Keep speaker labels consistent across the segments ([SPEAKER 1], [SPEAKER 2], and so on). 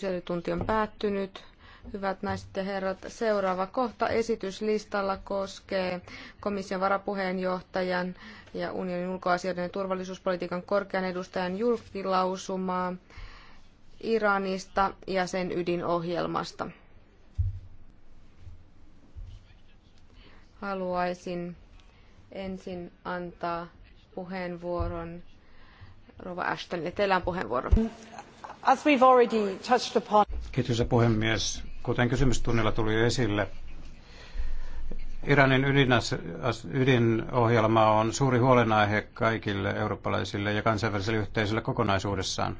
[SPEAKER 1] Kyselytunti on päättynyt. Hyvät naiset ja herrat, seuraava kohta esityslistalla koskee komission varapuheenjohtajan ja unionin ulkoasioiden ja turvallisuuspolitiikan korkean edustajan julkilausumaa Iranista ja sen ydinohjelmasta. Haluaisin ensin antaa puheenvuoron Rova Ashtonille. Teillä on puheenvuoro. As
[SPEAKER 2] Kiitos puhemies. Kuten kysymystunnilla tuli esille, Iranin ydinohjelma on suuri huolenaihe kaikille eurooppalaisille ja kansainväliselle yhteisölle kokonaisuudessaan.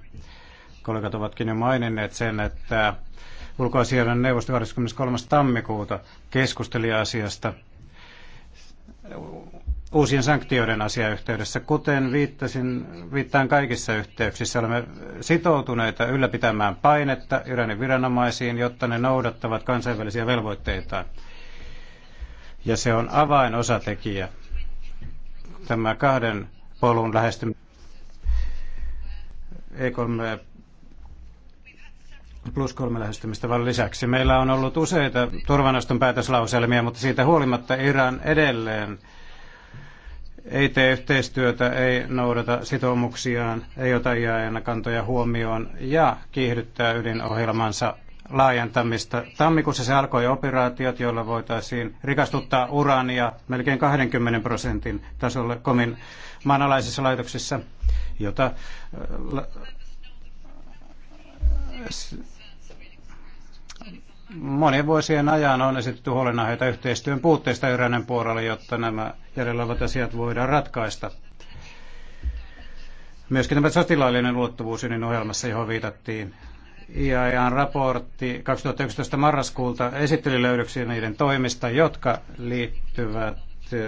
[SPEAKER 2] Kollegat ovatkin jo maininneet sen, että ulkoasioiden neuvosto 23. tammikuuta keskusteli asiasta uusien sanktioiden asiayhteydessä. Kuten viittasin, viittaan kaikissa yhteyksissä, olemme sitoutuneita ylläpitämään painetta Iranin viranomaisiin, jotta ne noudattavat kansainvälisiä velvoitteitaan. Ja se on avainosatekijä, tämä kahden polun lähestyminen. E3 plus kolme vaan lisäksi. Meillä on ollut useita turvanaston päätöslauselmia, mutta siitä huolimatta Iran edelleen ei tee yhteistyötä, ei noudata sitoumuksiaan, ei ota kantoja huomioon ja kiihdyttää ydinohjelmansa laajentamista. Tammikuussa se alkoi operaatiot, joilla voitaisiin rikastuttaa urania melkein 20 prosentin tasolle komin maanalaisissa laitoksissa, jota äh, Monien vuosien ajan on esitetty huolenaiheita yhteistyön puutteista Iranin puolella, jotta nämä jäljellä olevat asiat voidaan ratkaista. Myöskin tämä sotilaallinen luottuvuus ohjelmassa, johon viitattiin. IAEAn raportti 2011 marraskuulta esitteli löydöksiä niiden toimista, jotka liittyvät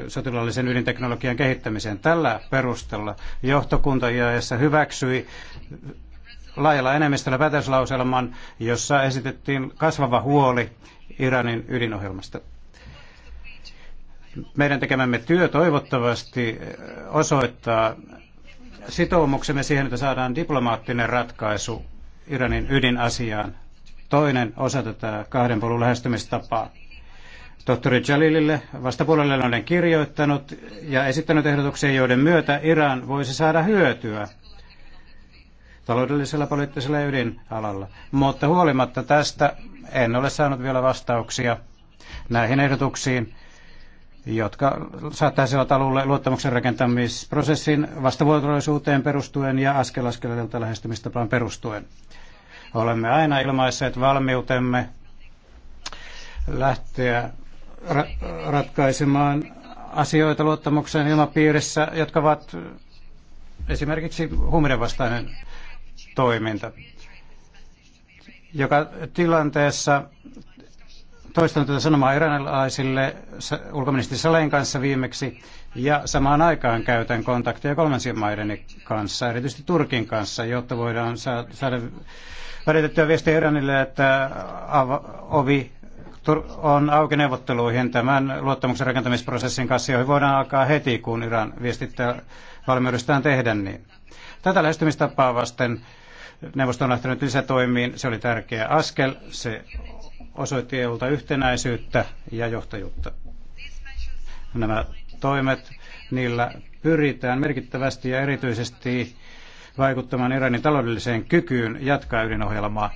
[SPEAKER 2] sotilaallisen ydinteknologian kehittämiseen. Tällä perustella johtokunta IAEassa hyväksyi laajalla enemmistöllä päätöslauselman, jossa esitettiin kasvava huoli Iranin ydinohjelmasta. Meidän tekemämme työ toivottavasti eh, osoittaa sitoumuksemme siihen, että saadaan diplomaattinen ratkaisu Iranin ydinasiaan. Toinen osa tätä kahden polun lähestymistapaa. Tohtori Jalilille vastapuolelle olen kirjoittanut ja esittänyt ehdotuksia, joiden myötä Iran voisi saada hyötyä taloudellisella, poliittisella ja ydinalalla. Mutta huolimatta tästä en ole saanut vielä vastauksia näihin ehdotuksiin, jotka saattaisivat alulle luottamuksen rakentamisprosessin vastavuoroisuuteen perustuen ja askel askeleelta lähestymistapaan perustuen. Olemme aina ilmaisseet valmiutemme lähteä ra- ratkaisemaan asioita luottamuksen ilmapiirissä, jotka ovat esimerkiksi huumeiden vastainen toiminta, joka tilanteessa toistan tätä sanomaa iranilaisille ulkoministeri Salen kanssa viimeksi ja samaan aikaan käytän kontakteja kolmansien maiden kanssa, erityisesti Turkin kanssa, jotta voidaan saada välitettyä viestiä Iranille, että ovi on auki neuvotteluihin tämän luottamuksen rakentamisprosessin kanssa, joihin voidaan alkaa heti, kun Iran viestittää valmiudestaan tehdä niin. Tätä lähestymistapaa vasten neuvosto on lähtenyt lisätoimiin. Se oli tärkeä askel. Se osoitti EUlta yhtenäisyyttä ja johtajuutta. Nämä toimet, niillä pyritään merkittävästi ja erityisesti vaikuttamaan Iranin taloudelliseen kykyyn jatkaa ydinohjelmaa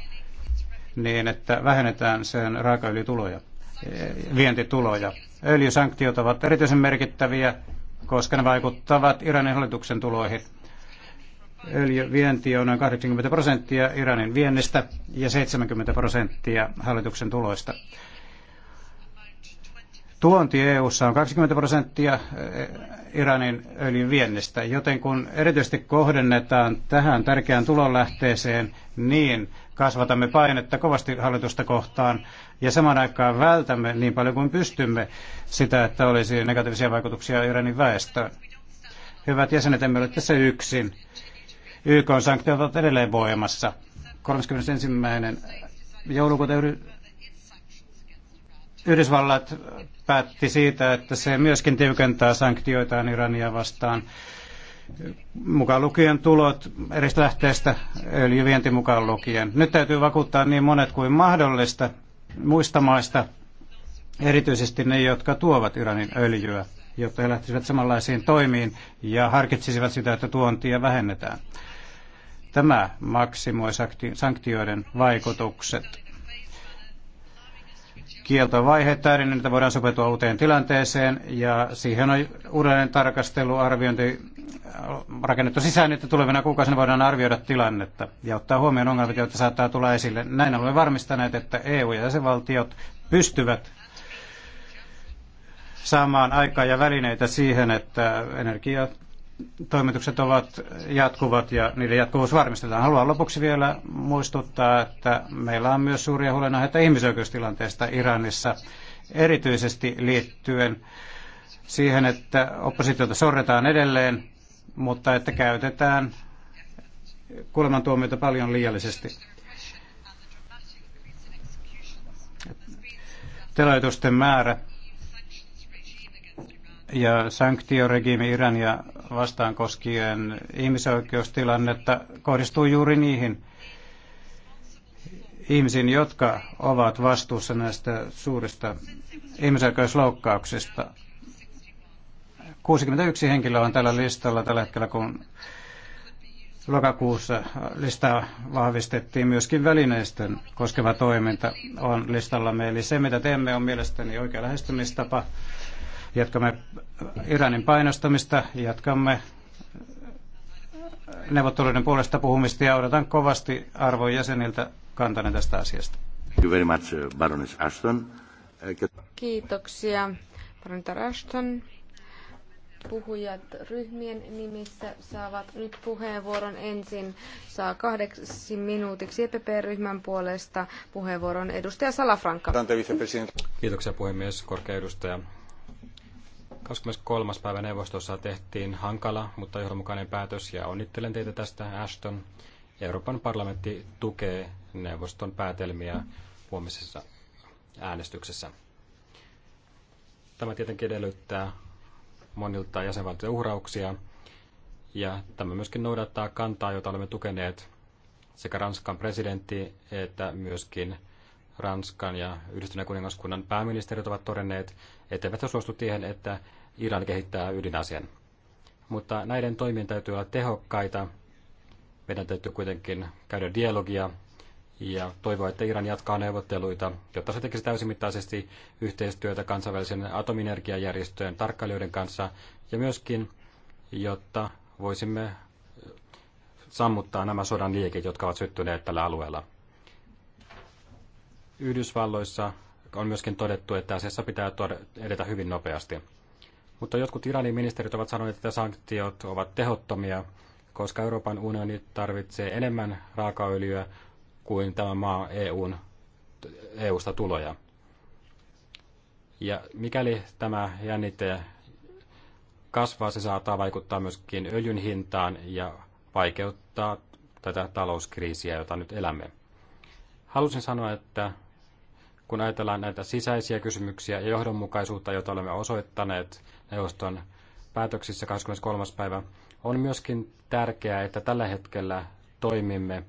[SPEAKER 2] niin, että vähennetään sen raakaöljytuloja, vientituloja. Öljysanktiot ovat erityisen merkittäviä, koska ne vaikuttavat Iranin hallituksen tuloihin öljyvienti on noin 80 prosenttia Iranin viennistä ja 70 prosenttia hallituksen tuloista. Tuonti EU:ssa on 20 prosenttia eh, Iranin öljyn viennistä, joten kun erityisesti kohdennetaan tähän tärkeään tulonlähteeseen, niin kasvatamme painetta kovasti hallitusta kohtaan ja saman aikaan vältämme niin paljon kuin pystymme sitä, että olisi negatiivisia vaikutuksia Iranin väestöön. Hyvät jäsenet, emme ole tässä yksin. YK-sanktiot ovat edelleen voimassa. 31. joulukuuta Yhdysvallat päätti siitä, että se myöskin tiukentaa sanktioitaan Irania vastaan, mukaan lukien tulot eri lähteistä, öljyvienti mukaan lukien. Nyt täytyy vakuuttaa niin monet kuin mahdollista muista maista, erityisesti ne, jotka tuovat Iranin öljyä, jotta he lähtisivät samanlaisiin toimiin ja harkitsisivat sitä, että tuontia vähennetään. Tämä maksimoi sanktioiden vaikutukset. Kieltovaihe täydennetään, että voidaan sopeutua uuteen tilanteeseen ja siihen on uudelleen tarkastelu, arviointi äh, rakennettu sisään, että tulevina kuukausina voidaan arvioida tilannetta ja ottaa huomioon ongelmat, joita saattaa tulla esille. Näin olemme varmistaneet, että EU ja jäsenvaltiot pystyvät saamaan aikaa ja välineitä siihen, että energia- toimitukset ovat jatkuvat ja niiden jatkuvuus varmistetaan. Haluan lopuksi vielä muistuttaa, että meillä on myös suuria huolenaiheita ihmisoikeustilanteesta Iranissa, erityisesti liittyen siihen, että oppositiota sorretaan edelleen, mutta että käytetään kuolemantuomioita paljon liiallisesti. Teloitusten määrä ja sanktioregiimi Irania vastaan koskien ihmisoikeustilannetta kohdistuu juuri niihin ihmisiin, jotka ovat vastuussa näistä suurista ihmisoikeusloukkauksista. 61 henkilöä on tällä listalla tällä hetkellä, kun lokakuussa listaa vahvistettiin. Myöskin välineistön koskeva toiminta on listallamme. Eli se, mitä teemme, on mielestäni oikea lähestymistapa. Jatkamme Iranin painostamista, jatkamme neuvotteluiden puolesta puhumista ja odotan kovasti arvon jäseniltä kantanne tästä asiasta.
[SPEAKER 3] Uh, uh,
[SPEAKER 1] Kiitoksia, Baronita Ashton. Puhujat ryhmien nimissä saavat nyt puheenvuoron ensin. Saa kahdeksi minuutiksi EPP-ryhmän puolesta puheenvuoron edustaja Salafranka.
[SPEAKER 4] Kiitoksia puhemies, korkea edustaja. 23. päivä neuvostossa tehtiin hankala, mutta johdonmukainen päätös ja onnittelen teitä tästä Ashton. Euroopan parlamentti tukee neuvoston päätelmiä huomisessa äänestyksessä. Tämä tietenkin edellyttää monilta jäsenvaltioiden uhrauksia ja tämä myöskin noudattaa kantaa, jota olemme tukeneet sekä Ranskan presidentti että myöskin Ranskan ja Yhdistyneen kuningaskunnan pääministerit ovat todenneet, etteivät he suostu siihen, että Iran kehittää ydinasian. Mutta näiden toimien täytyy olla tehokkaita. Meidän täytyy kuitenkin käydä dialogia ja toivoa, että Iran jatkaa neuvotteluita, jotta se tekisi täysimittaisesti yhteistyötä kansainvälisen atominergiajärjestöjen tarkkailijoiden kanssa ja myöskin, jotta voisimme sammuttaa nämä sodan liekit, jotka ovat syttyneet tällä alueella. Yhdysvalloissa on myöskin todettu, että asiassa pitää edetä hyvin nopeasti. Mutta jotkut Iranin ministerit ovat sanoneet, että sanktiot ovat tehottomia, koska Euroopan unioni tarvitsee enemmän raakaöljyä kuin tämä maa EUn, EUsta tuloja. Ja mikäli tämä jännite kasvaa, se saattaa vaikuttaa myöskin öljyn hintaan ja vaikeuttaa tätä talouskriisiä, jota nyt elämme. Halusin sanoa, että kun ajatellaan näitä sisäisiä kysymyksiä ja johdonmukaisuutta, jota olemme osoittaneet neuvoston päätöksissä 23. päivä, on myöskin tärkeää, että tällä hetkellä toimimme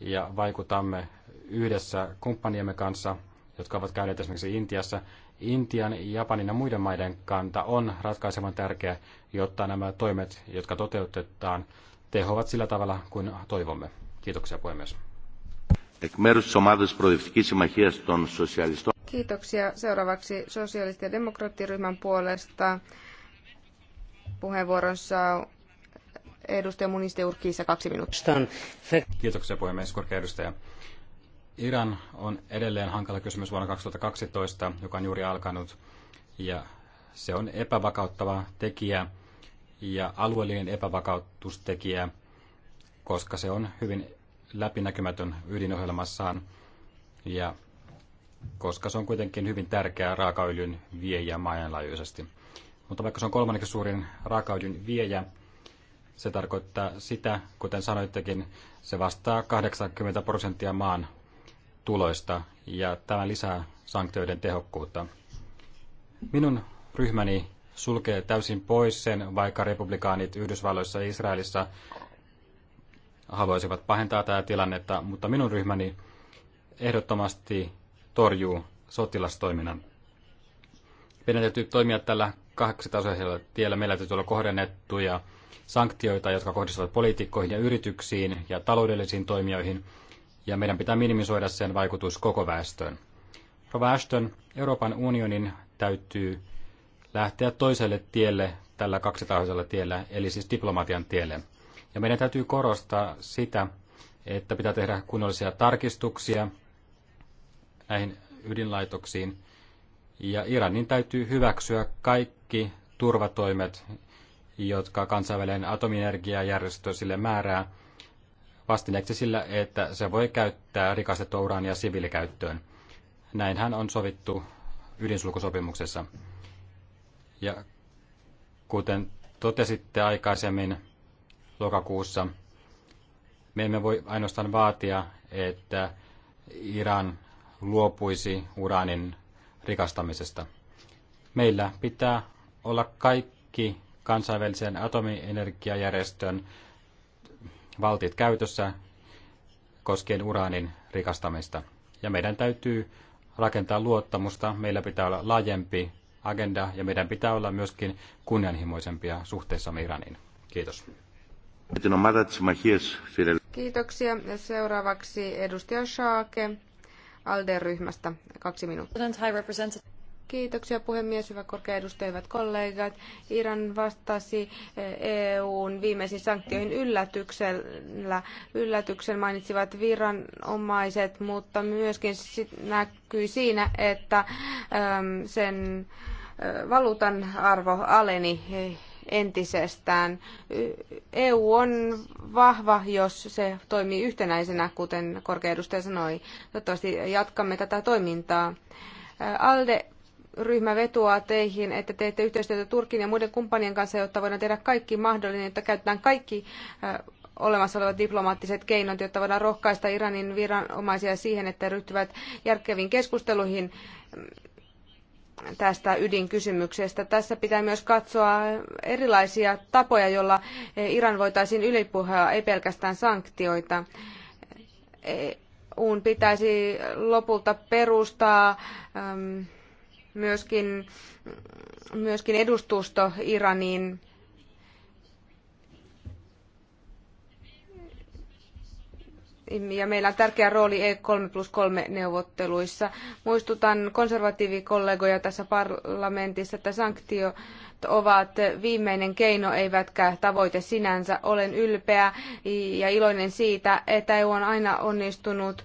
[SPEAKER 4] ja vaikutamme yhdessä kumppaniemme kanssa, jotka ovat käyneet esimerkiksi Intiassa. Intian, Japanin ja muiden maiden kanta on ratkaisevan tärkeä, jotta nämä toimet, jotka toteutetaan, tehovat sillä tavalla kuin toivomme. Kiitoksia puhemies
[SPEAKER 3] εκ μέρους της ομάδας προοδευτικής συμμαχίας των σοσιαλιστών.
[SPEAKER 1] Kiitoksia. Seuraavaksi sosiaalisten demokraattiryhmän puolesta puheenvuorossa edustaja Muniste Urkiissa kaksi minuuttia.
[SPEAKER 4] Kiitoksia puhemies, korkea edustaja. Iran on edelleen hankala kysymys vuonna 2012, joka on juuri alkanut, ja se on epävakauttava tekijä ja alueellinen epävakautustekijä, koska se on hyvin läpinäkymätön ydinohjelmassaan, ja koska se on kuitenkin hyvin tärkeä raakaöljyn viejä maailmanlaajuisesti. Mutta vaikka se on kolmanneksi suurin raakaöljyn viejä, se tarkoittaa sitä, kuten sanoittekin, se vastaa 80 prosenttia maan tuloista ja tämä lisää sanktioiden tehokkuutta. Minun ryhmäni sulkee täysin pois sen, vaikka republikaanit Yhdysvalloissa ja Israelissa haluaisivat pahentaa tätä tilannetta, mutta minun ryhmäni ehdottomasti torjuu sotilastoiminnan. Meidän täytyy toimia tällä kahdeksitasoisella tiellä. Meillä täytyy olla kohdennettuja sanktioita, jotka kohdistuvat poliitikkoihin ja yrityksiin ja taloudellisiin toimijoihin, ja meidän pitää minimisoida sen vaikutus koko väestöön. Rova Ashton, Euroopan unionin täytyy lähteä toiselle tielle tällä kaksitahoisella tiellä, eli siis diplomatian tielle. Ja meidän täytyy korostaa sitä, että pitää tehdä kunnollisia tarkistuksia näihin ydinlaitoksiin. Ja Iranin täytyy hyväksyä kaikki turvatoimet, jotka kansainvälinen atomienergiajärjestö sille määrää vastineeksi sillä, että se voi käyttää rikastettua uraania siviilikäyttöön. Näinhän on sovittu ydinsulkusopimuksessa. Ja kuten totesitte aikaisemmin, lokakuussa. Me emme voi ainoastaan vaatia, että Iran luopuisi uraanin rikastamisesta. Meillä pitää olla kaikki kansainvälisen atomienergiajärjestön valtit käytössä koskien uraanin rikastamista. Ja meidän täytyy rakentaa luottamusta, meillä pitää olla laajempi agenda ja meidän pitää olla myöskin kunnianhimoisempia suhteessa Iraniin. Kiitos.
[SPEAKER 1] Kiitoksia. seuraavaksi edustaja Shaake ALDE-ryhmästä. Kaksi minuuttia. Kiitoksia puhemies, hyvä korkea edustaja, hyvät kollegat. Iran vastasi eh, EUn viimeisiin sanktioihin yllätyksellä. Yllätyksen mainitsivat viranomaiset, mutta myöskin näkyy siinä, että ehm, sen eh, valuutan arvo aleni entisestään. EU e on vahva, jos se toimii yhtenäisenä, kuten korkea edustaja sanoi. Toivottavasti jatkamme tätä toimintaa. ALDE ryhmä vetoaa teihin, että teette yhteistyötä Turkin ja muiden kumppanien kanssa, jotta voidaan tehdä kaikki mahdollinen, että käytetään kaikki olemassa olevat diplomaattiset keinot, jotta voidaan rohkaista Iranin viranomaisia siihen, että ryhtyvät järkeviin keskusteluihin tästä ydinkysymyksestä. Tässä pitää myös katsoa erilaisia tapoja, joilla Iran voitaisiin ylipuhua, ei pelkästään sanktioita. EUn pitäisi lopulta perustaa myöskin, myöskin edustusto Iraniin ja meillä on tärkeä rooli E3 plus 3 neuvotteluissa. Muistutan konservatiivikollegoja tässä parlamentissa, että sanktiot ovat viimeinen keino eivätkä tavoite sinänsä. Olen ylpeä ja iloinen siitä, että EU on aina onnistunut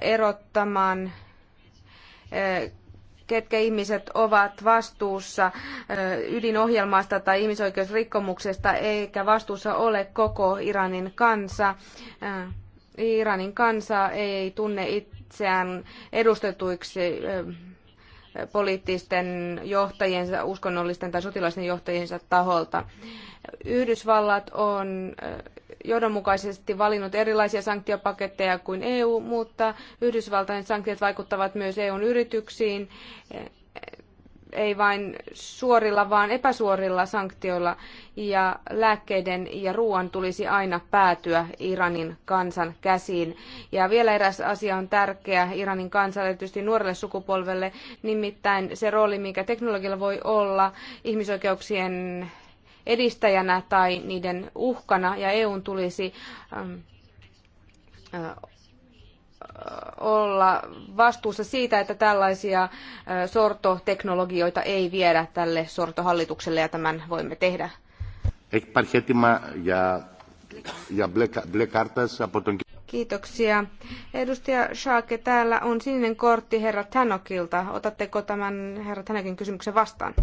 [SPEAKER 1] erottamaan ketkä ihmiset ovat vastuussa ydinohjelmasta tai ihmisoikeusrikkomuksesta, eikä vastuussa ole koko Iranin kansa. Iranin kansa ei tunne itseään edustetuiksi poliittisten johtajiensa, uskonnollisten tai sotilaisten johtajiensa taholta. Yhdysvallat on johdonmukaisesti valinnut erilaisia sanktiopaketteja kuin EU, mutta Yhdysvaltain sanktiot vaikuttavat myös EUn yrityksiin ei vain suorilla, vaan epäsuorilla sanktioilla, ja lääkkeiden ja ruoan tulisi aina päätyä Iranin kansan käsiin. Ja vielä eräs asia on tärkeä Iranin kansalle, erityisesti nuorelle sukupolvelle, nimittäin se rooli, mikä teknologialla voi olla ihmisoikeuksien edistäjänä tai niiden uhkana, ja EUn tulisi ähm, äh, olla vastuussa siitä, että tällaisia sortoteknologioita ei viedä tälle sortohallitukselle ja tämän voimme tehdä. Kiitoksia. Edustaja Schaake, täällä on sininen kortti herra Tanokilta. Otatteko tämän herra Tanokin kysymyksen vastaan?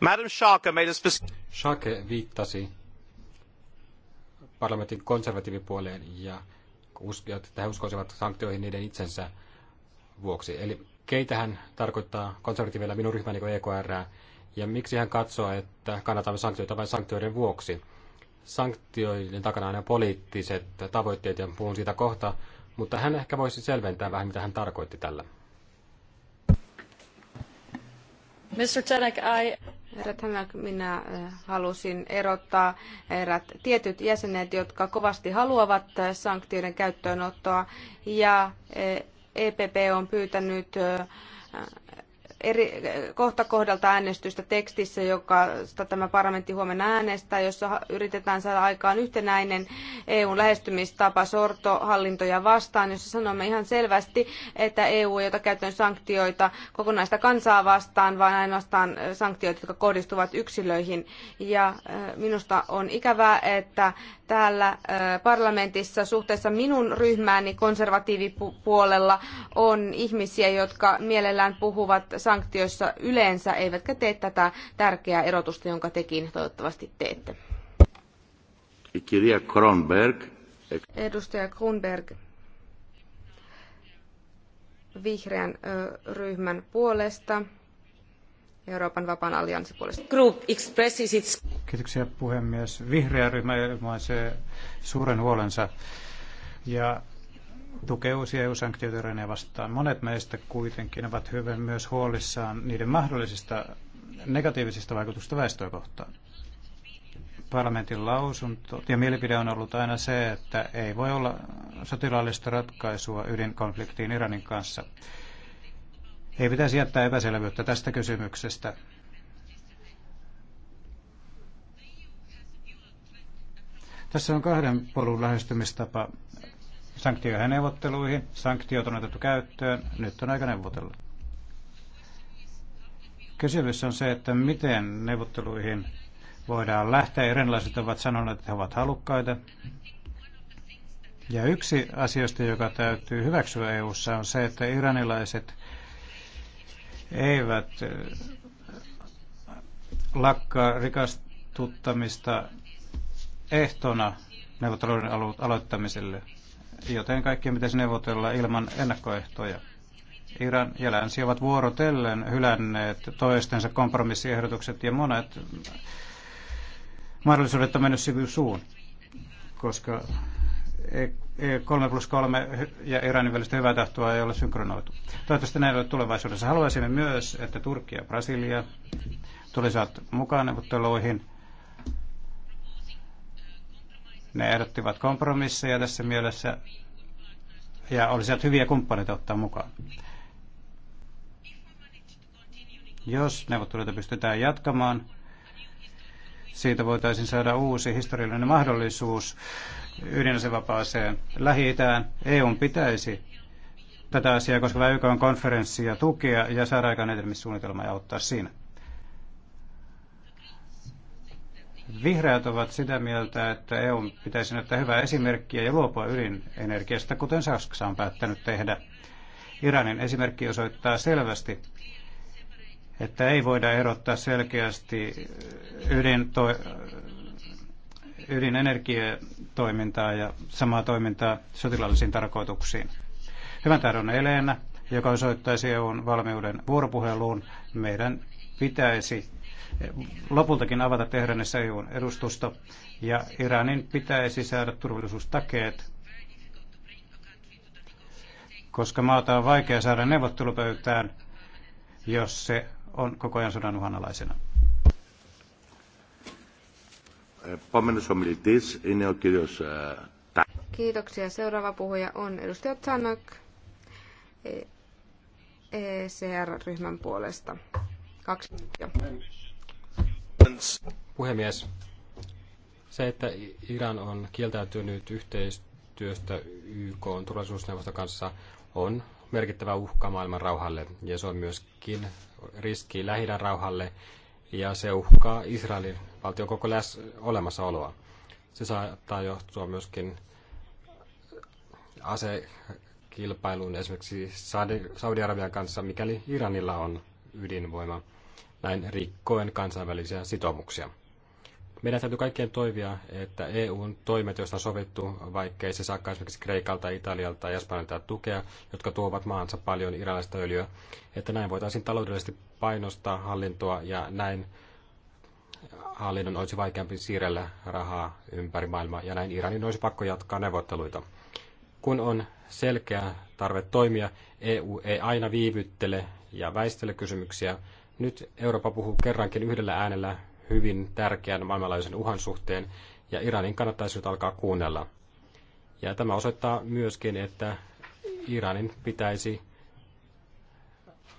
[SPEAKER 4] Madam Schaake viittasi parlamentin konservatiivipuoleen ja että he uskoisivat sanktioihin niiden itsensä vuoksi. Eli keitä hän tarkoittaa konservatiiveilla minun ryhmäni kuin EKR, ja miksi hän katsoo, että kannatamme sanktioita vain sanktioiden vuoksi. Sanktioiden takana on poliittiset tavoitteet, ja puhun siitä kohta, mutta hän ehkä voisi selventää vähän, mitä hän tarkoitti tällä. Mr. Tenek, I...
[SPEAKER 1] Herra Tanak, minä eh, halusin erottaa erät tietyt jäsenet, jotka kovasti haluavat eh, sanktioiden käyttöönottoa, ja EPP eh, e on pyytänyt eri, kohta kohdalta äänestystä tekstissä, joka tämä parlamentti huomenna äänestää, jossa yritetään saada aikaan yhtenäinen EUn lähestymistapa sortohallintoja vastaan, jossa sanomme ihan selvästi, että EU ei ota käytön sanktioita kokonaista kansaa vastaan, vaan ainoastaan sanktioita, jotka kohdistuvat yksilöihin. Ja minusta on ikävää, että täällä parlamentissa suhteessa minun ryhmääni konservatiivipuolella on ihmisiä, jotka mielellään puhuvat sanktioissa yleensä, eivätkä tee tätä tärkeää erotusta, jonka tekin toivottavasti teette.
[SPEAKER 3] Kirja Kronberg.
[SPEAKER 1] Edustaja Kronberg vihreän ryhmän puolesta. Euroopan vapaan allianssin puolesta. Group expresses its...
[SPEAKER 2] Kiitoksia puhemies. Vihreä ryhmä ilmaisee suuren huolensa ja tukee uusia EU-sanktioita vastaan. Monet meistä kuitenkin ovat hyvin myös huolissaan niiden mahdollisista negatiivisista vaikutuksista väestöä kohtaan. Parlamentin lausunto ja mielipide on ollut aina se, että ei voi olla sotilaallista ratkaisua ydinkonfliktiin Iranin kanssa. Ei pitäisi jättää epäselvyyttä tästä kysymyksestä. Tässä on kahden polun lähestymistapa. Sanktioihin neuvotteluihin. Sanktiot on otettu käyttöön. Nyt on aika neuvotella. Kysymys on se, että miten neuvotteluihin voidaan lähteä. Erilaiset ovat sanoneet, että he ovat halukkaita. Ja yksi asioista, joka täytyy hyväksyä EU:ssa on se, että iranilaiset eivät lakkaa rikastuttamista ehtona neuvotteluiden aloittamiselle, joten kaikki pitäisi neuvotella ilman ennakkoehtoja. Iran ja länsi ovat vuorotellen hylänneet toistensa kompromissiehdotukset ja monet mahdollisuudet on mennyt sivusuun, koska 3 plus 3 ja Iranin välistä hyvää tahtoa ei ole synkronoitu. Toivottavasti näin ole tulevaisuudessa. Haluaisimme myös, että Turkki ja Brasilia tulisivat mukaan neuvotteluihin. Ne ehdottivat kompromisseja tässä mielessä ja olisivat hyviä kumppaneita ottaa mukaan. Jos neuvotteluita pystytään jatkamaan, siitä voitaisiin saada uusi historiallinen mahdollisuus ydinasevapaaseen Lähi-Itään. EU pitäisi tätä asiaa koskevaa YK-konferenssia tukea ja saada aikaan etenemissuunnitelma ja auttaa siinä. Vihreät ovat sitä mieltä, että EU pitäisi näyttää hyvää esimerkkiä ja luopua ydinenergiasta, kuten Saksa on päättänyt tehdä. Iranin esimerkki osoittaa selvästi, että ei voida erottaa selkeästi ydinto, ydinenergiatoimintaa ja samaa toimintaa sotilaallisiin tarkoituksiin. Hyvän tahdon eleenä, joka osoittaisi EUn valmiuden vuoropuheluun, meidän pitäisi lopultakin avata Teheranissa EUn edustusto ja Iranin pitäisi saada turvallisuustakeet, koska maata on vaikea saada neuvottelupöytään, jos se on koko ajan sodan uhanalaisena.
[SPEAKER 1] Kiitoksia. Seuraava puhuja on edustaja Tanak ECR-ryhmän puolesta. Kaksi minuuttia.
[SPEAKER 4] Puhemies, se, että Iran on kieltäytynyt yhteistyöstä YK on turvallisuusneuvoston kanssa, on merkittävä uhka maailman rauhalle ja se on myöskin riski lähi rauhalle ja se uhkaa Israelin valtion koko läs olemassaoloa. Se saattaa johtua myöskin asekilpailuun esimerkiksi Saudi-Arabian kanssa, mikäli Iranilla on ydinvoima, näin rikkoen kansainvälisiä sitoumuksia. Meidän täytyy kaikkien toivia, että EUn toimet, joista on sovittu, vaikkei se saakka esimerkiksi Kreikalta, Italialta ja Espanjalta tukea, jotka tuovat maansa paljon iranlaista öljyä, että näin voitaisiin taloudellisesti painostaa hallintoa ja näin hallinnon olisi vaikeampi siirrellä rahaa ympäri maailmaa ja näin Iranin olisi pakko jatkaa neuvotteluita. Kun on selkeä tarve toimia, EU ei aina viivyttele ja väistele kysymyksiä. Nyt Eurooppa puhuu kerrankin yhdellä äänellä hyvin tärkeän maailmanlaajuisen uhan suhteen, ja Iranin kannattaisi nyt alkaa kuunnella. Ja tämä osoittaa myöskin, että Iranin pitäisi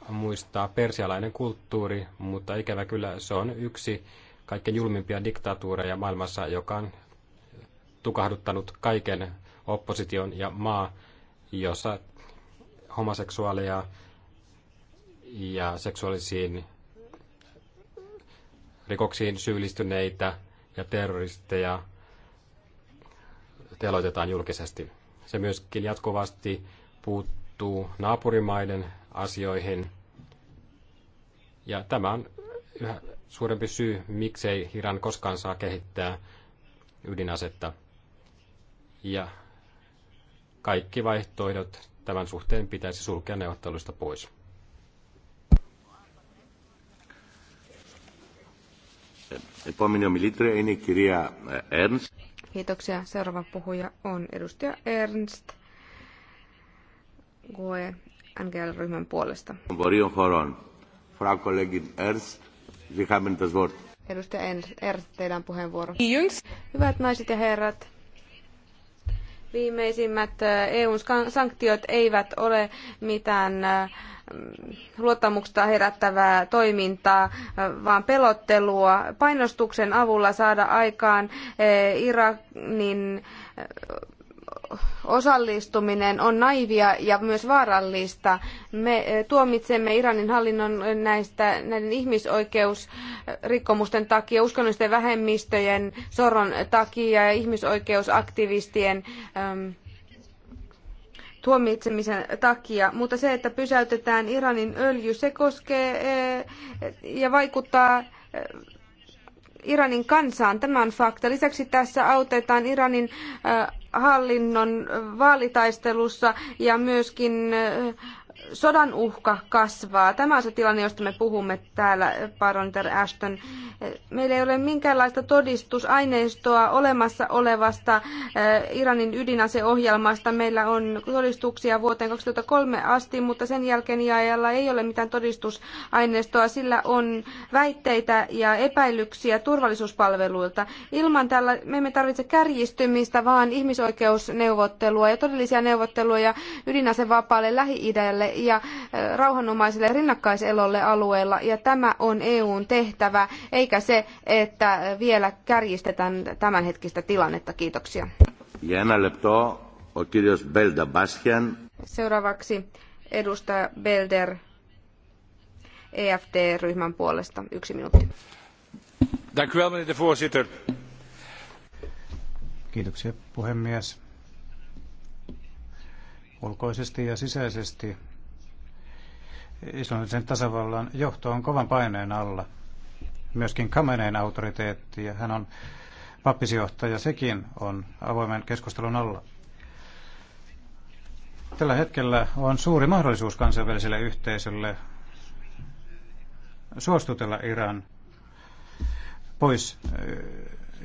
[SPEAKER 4] muistaa persialainen kulttuuri, mutta ikävä kyllä se on yksi kaikkein julmimpia diktatuureja maailmassa, joka on tukahduttanut kaiken opposition ja maa, jossa homoseksuaaleja ja seksuaalisiin rikoksiin syyllistyneitä ja terroristeja teloitetaan julkisesti. Se myöskin jatkuvasti puuttuu naapurimaiden asioihin. Ja tämä on yhä suurempi syy, miksei Iran koskaan saa kehittää ydinasetta. Ja kaikki vaihtoehdot tämän suhteen pitäisi sulkea neuvotteluista
[SPEAKER 3] pois. Ernst.
[SPEAKER 1] Kiitoksia. Seuraava puhuja on edustaja Ernst Gue NGL-ryhmän puolesta.
[SPEAKER 3] Horon. Ernst,
[SPEAKER 1] Edustaja Ernst, teidän puheenvuoro. Hyvät naiset ja herrat, Viimeisimmät äh, EUn sanktiot eivät ole mitään äh, luottamuksesta herättävää toimintaa, äh, vaan pelottelua. Painostuksen avulla saada aikaan Iranin osallistuminen on naivia ja myös vaarallista. Me eh, tuomitsemme Iranin hallinnon näistä, näiden ihmisoikeusrikkomusten takia, uskonnollisten vähemmistöjen soron takia ja ihmisoikeusaktivistien äm, ehm, tuomitsemisen takia, mutta se, että pysäytetään Iranin öljy, se koskee eh, ja vaikuttaa eh, Iranin kansaan. Tämä on fakta. Lisäksi tässä autetaan Iranin hallinnon vaalitaistelussa ja myöskin sodan uhka kasvaa. Tämä on se tilanne, josta me puhumme täällä, Baroniter Ashton. Meillä ei ole minkäänlaista todistusaineistoa olemassa olevasta eh, Iranin ydinaseohjelmasta. Meillä on todistuksia vuoteen 2003 asti, mutta sen jälkeen jaella ei ole mitään todistusaineistoa. Sillä on väitteitä ja epäilyksiä turvallisuuspalveluilta. Ilman tällä me emme tarvitse kärjistymistä, vaan ihmisoikeusneuvottelua ja todellisia neuvotteluja ydinasevapaalle Lähi-idälle ja äh, rauhanomaiselle rinnakkaiselolle alueella, ja tämä on EUn tehtävä, eikä se, että vielä kärjistetään tämänhetkistä tilannetta. Kiitoksia. Seuraavaksi edustaja Belder EFT-ryhmän puolesta. Yksi minuutti.
[SPEAKER 2] Kiitoksia puhemies. Ulkoisesti ja sisäisesti Islannin tasavallan johto on kovan paineen alla. Myöskin Kameneen autoriteetti ja hän on pappisjohtaja, sekin on avoimen keskustelun alla. Tällä hetkellä on suuri mahdollisuus kansainväliselle yhteisölle suostutella Iran pois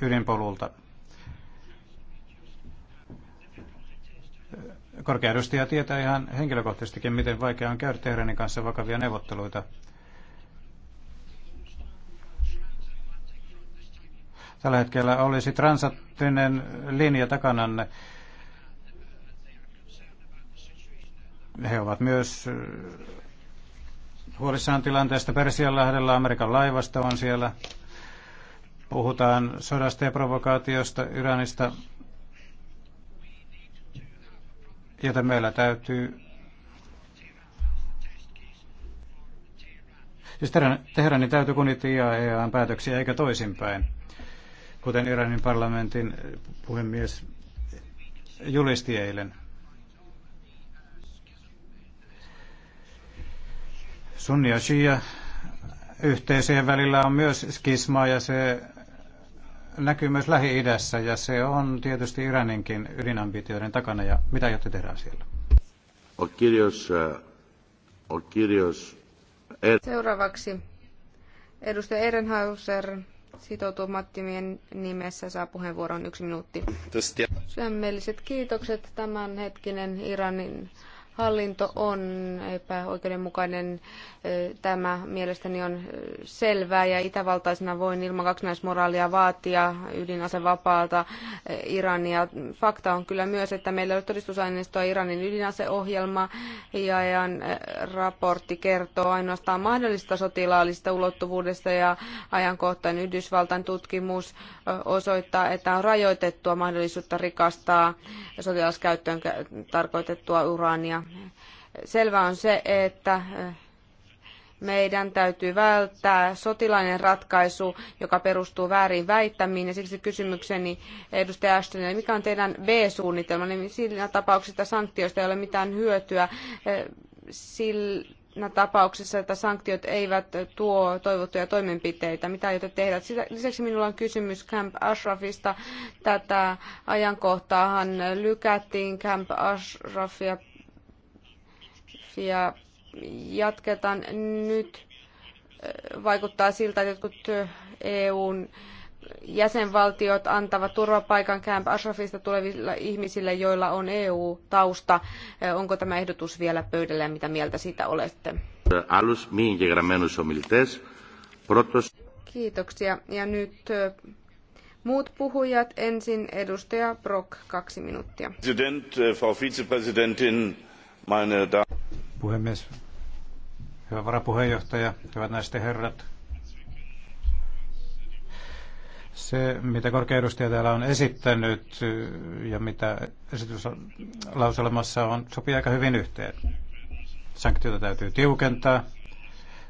[SPEAKER 2] ydinpolulta. Korkea edustaja tietää ihan henkilökohtaisestikin, miten vaikeaa on käydä Teheranin kanssa vakavia neuvotteluita. Tällä hetkellä olisi transattinen linja takananne. He ovat myös äh, huolissaan tilanteesta Persianlahdella, Amerikan laivasta on siellä. Puhutaan sodasta ja provokaatiosta Iranista Joten meillä täytyy Siis Teheranin täytyy kunnioittaa IAEAn e päätöksiä eikä toisinpäin, kuten Iranin parlamentin puhemies julisti eilen. Sunni ja Shia yhteisöjen välillä on myös skismaa ja se näkyy myös Lähi-idässä ja se on tietysti Iraninkin ydinambitioiden takana ja mitä jotte tehdään siellä?
[SPEAKER 1] Seuraavaksi edustaja Ehrenhauser sitoutuu Mattimien nimessä saa puheenvuoron yksi minuutti. Sydämelliset kiitokset tämänhetkinen Iranin hallinto on epäoikeudenmukainen. Tämä mielestäni on selvää ja itävaltaisena voin ilman kaksinaismoraalia vaatia ydinasevapaalta Irania. Fakta on kyllä myös, että meillä on todistusaineistoa Iranin ydinaseohjelma ja ajan raportti kertoo ainoastaan mahdollisesta sotilaallisesta ulottuvuudesta ja ajankohtainen Yhdysvaltain tutkimus osoittaa, että on rajoitettua mahdollisuutta rikastaa sotilaskäyttöön tarkoitettua uraania. Selvä on se, että äh, meidän täytyy välttää sotilainen ratkaisu, joka perustuu väärin väittämiin. Ja siksi kysymykseni edustaja Ashtonille, mikä on teidän B-suunnitelma? Niin siinä tapauksessa sanktioista ei ole mitään hyötyä äh, siinä tapauksessa, että sanktiot eivät tuo toivottuja toimenpiteitä. Mitä aiotte tehdä? Lisäksi minulla on kysymys Camp Ashrafista. Tätä ajankohtaahan lykättiin Camp Ashrafia ja jatketaan nyt. Vaikuttaa siltä, että jotkut EUn jäsenvaltiot antavat turvapaikan Camp Ashrafista tuleville ihmisille, joilla on EU-tausta. Onko tämä ehdotus vielä pöydällä ja mitä mieltä siitä olette? Kiitoksia. Ja nyt muut puhujat. Ensin edustaja Brok, kaksi
[SPEAKER 3] minuuttia. President, Frau Vizepräsidentin, meine
[SPEAKER 2] puhemies, hyvä varapuheenjohtaja, hyvät naiset ja herrat. Se, mitä korkeudustaja täällä on esittänyt ja mitä esityslauselmassa on, sopii aika hyvin yhteen. Sanktioita täytyy tiukentaa.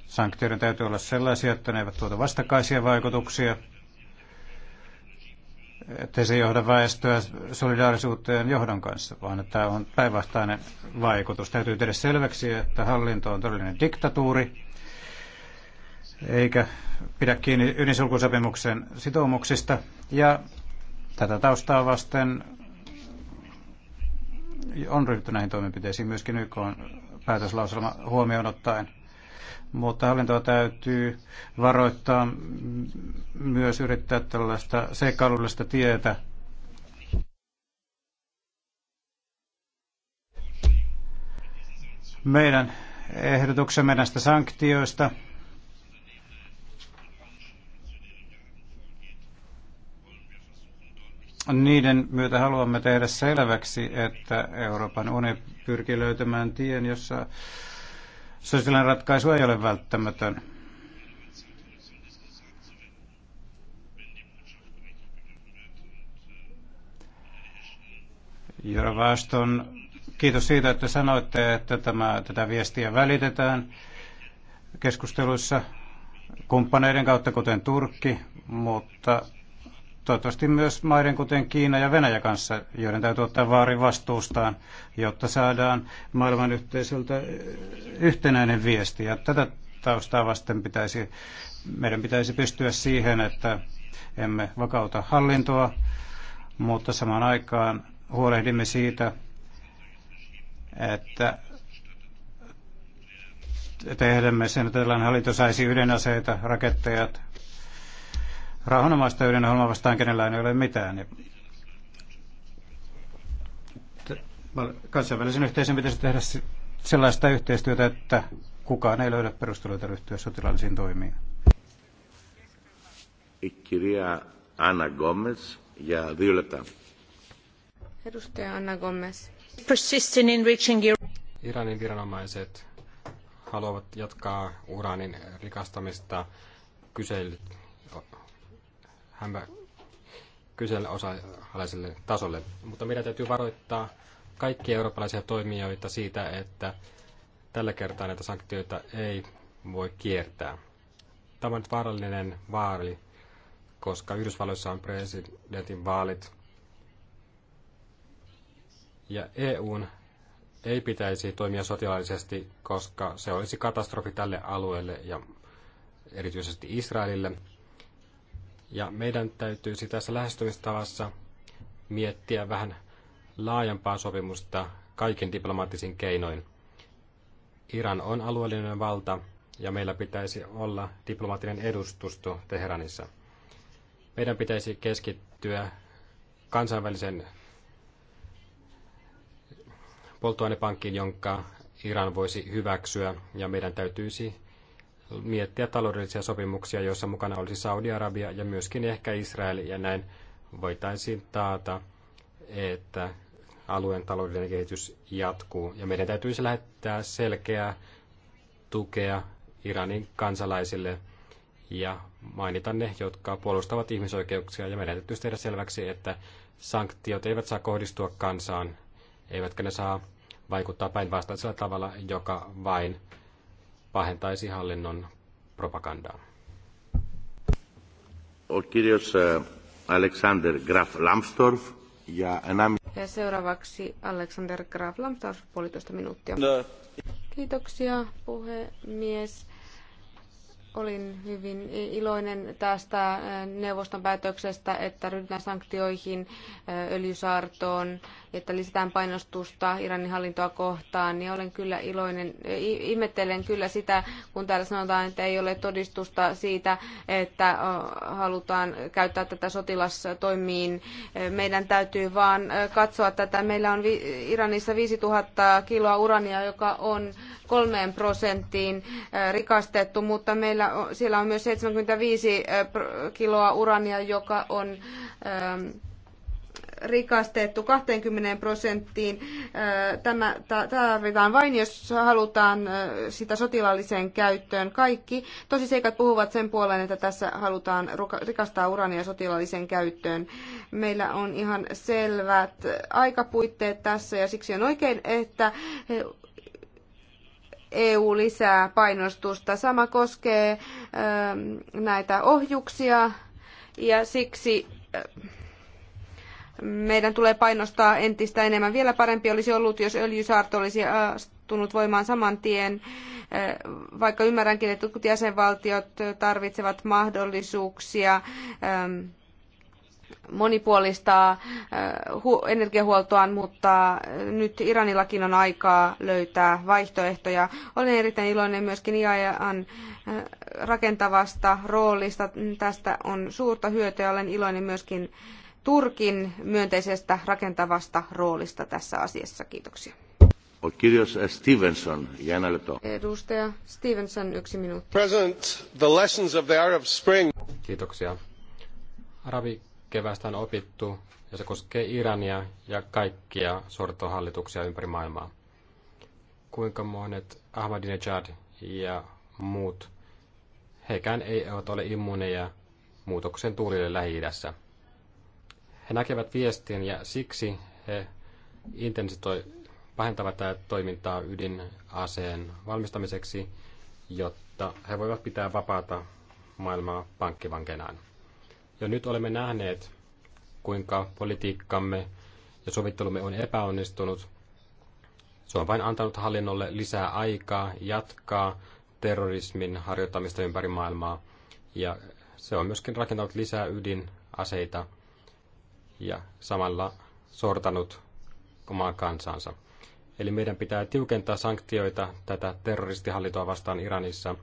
[SPEAKER 2] Sanktioiden täytyy olla sellaisia, että ne eivät tuota vastakkaisia vaikutuksia – ettei se johda väestöä solidaarisuuteen johdon kanssa, vaan että tämä on päinvastainen vaikutus. Täytyy tehdä selväksi, että hallinto on todellinen diktatuuri, eikä pidä kiinni ydinsulkusopimuksen sitoumuksista. Ja tätä taustaa vasten on ryhtynyt näihin toimenpiteisiin myöskin YK on päätöslauselma huomioon ottaen mutta hallintoa täytyy varoittaa myös yrittää tällaista sekalullista tietä. Meidän ehdotuksemme näistä sanktioista niiden myötä haluamme tehdä selväksi, että Euroopan unioni pyrkii löytämään tien, jossa Sosiaalinen ratkaisu ei ole välttämätön. Jura Vaston, kiitos siitä, että sanoitte, että tämä, tätä viestiä välitetään keskusteluissa kumppaneiden kautta, kuten Turkki, mutta toivottavasti myös maiden kuten Kiina ja Venäjä kanssa, joiden täytyy ottaa vaarin vastuustaan, jotta saadaan maailman yhteisöltä eh, yhtenäinen viesti. Ja tätä taustaa vasten pitäisi, meidän pitäisi pystyä siihen, että emme vakauta hallintoa, mutta samaan aikaan huolehdimme siitä, että tehdämme sen, että tällainen hallinto saisi ydinaseita, raketteja, rauhanomaista ydinohjelmaa vastaan kenellään ei ole mitään. Niin kansainvälisen yhteisön pitäisi tehdä sellaista yhteistyötä, että kukaan ei löydä perusteluita ryhtyä sotilaallisiin toimiin.
[SPEAKER 3] Kirja Anna Gomez ja Violeta.
[SPEAKER 1] Edustaja Anna Gomez. Persisting in reaching
[SPEAKER 4] Iranin viranomaiset haluavat jatkaa uraanin rikastamista Kyselyt hämmä osa alaiselle tasolle. Mutta meidän täytyy varoittaa kaikkia eurooppalaisia toimijoita siitä, että tällä kertaa näitä sanktioita ei voi kiertää. Tämä on nyt vaarallinen vaari, koska Yhdysvalloissa on presidentin vaalit. Ja EUn ei pitäisi toimia sotilaallisesti, koska se olisi katastrofi tälle alueelle ja erityisesti Israelille. Ja meidän täytyy tässä lähestymistavassa miettiä vähän laajempaa sopimusta kaikin diplomaattisin keinoin. Iran on alueellinen valta ja meillä pitäisi olla diplomaattinen edustusto Teheranissa. Meidän pitäisi keskittyä kansainvälisen polttoainepankkiin, jonka Iran voisi hyväksyä, ja meidän täytyisi miettiä taloudellisia sopimuksia, joissa mukana olisi Saudi-Arabia ja myöskin ehkä Israel, ja näin voitaisiin taata, että alueen taloudellinen kehitys jatkuu. Ja meidän täytyisi lähettää selkeää tukea Iranin kansalaisille ja mainita ne, jotka puolustavat ihmisoikeuksia. Ja meidän täytyisi tehdä selväksi, että sanktiot eivät saa kohdistua kansaan, eivätkä ne saa vaikuttaa päinvastaisella tavalla, joka vain pahentaisi hallinnon propagandaa.
[SPEAKER 3] Kirjos eh, Alexander Graf Lambsdorff ja
[SPEAKER 1] Seuraavaksi Alexander Graf Lambsdorff, puolitoista minuuttia. No. Kiitoksia puhemies. Olin hyvin iloinen tästä eh, neuvoston päätöksestä, että ryhdytään sanktioihin eh, öljysaartoon että lisätään painostusta Iranin hallintoa kohtaan, niin olen kyllä iloinen, e, ihmettelen kyllä sitä, kun täällä sanotaan, että ei ole todistusta siitä, että halutaan käyttää tätä sotilastoimiin. E, meidän täytyy vaan katsoa tätä. Meillä on Iranissa 5000 kiloa urania, joka on kolmeen prosenttiin rikastettu, mutta meillä siellä on myös 75 kiloa urania, joka on rikastettu 20 prosenttiin. Tämä tarvitaan vain, jos halutaan sitä sotilaalliseen käyttöön. Kaikki tosi seikat puhuvat sen puoleen, että tässä halutaan rikastaa urania sotilaalliseen käyttöön. Meillä on ihan selvät aikapuitteet tässä ja siksi on oikein, että EU lisää painostusta. Sama koskee näitä ohjuksia ja siksi meidän tulee painostaa entistä enemmän. Vielä parempi olisi ollut, jos öljysaarto olisi astunut voimaan saman tien, äh, vaikka ymmärränkin, että jotkut jäsenvaltiot tarvitsevat mahdollisuuksia ähm, monipuolistaa äh, energiahuoltoaan, mutta nyt Iranillakin on aikaa löytää vaihtoehtoja. Olen erittäin iloinen myöskin IAEAn äh, rakentavasta roolista. Tästä on suurta hyötyä. Olen iloinen myöskin Turkin myönteisestä rakentavasta roolista tässä asiassa. Kiitoksia.
[SPEAKER 3] O kirjos Stevenson,
[SPEAKER 1] Edustaja Stevenson, yksi minuutti.
[SPEAKER 3] President, the lessons of the Arab Spring. Kiitoksia.
[SPEAKER 4] kevästä on opittu ja se koskee Irania ja kaikkia sortohallituksia ympäri maailmaa. Kuinka monet Ahmadinejad ja muut, hekään ei ole immuuneja muutoksen tuulille Lähi-idässä. He näkevät viestin ja siksi he intensitoi, pahentavat tätä toimintaa ydinaseen valmistamiseksi, jotta he voivat pitää vapaata maailmaa pankkivankenaan. Jo nyt olemme nähneet, kuinka politiikkamme ja sovittelumme on epäonnistunut. Se on vain antanut hallinnolle lisää aikaa jatkaa terrorismin harjoittamista ympäri maailmaa, ja se on myöskin rakentanut lisää ydinaseita ja samalla sortanut omaa kansansa. Eli meidän pitää tiukentaa sanktioita tätä terroristihallintoa vastaan Iranissa.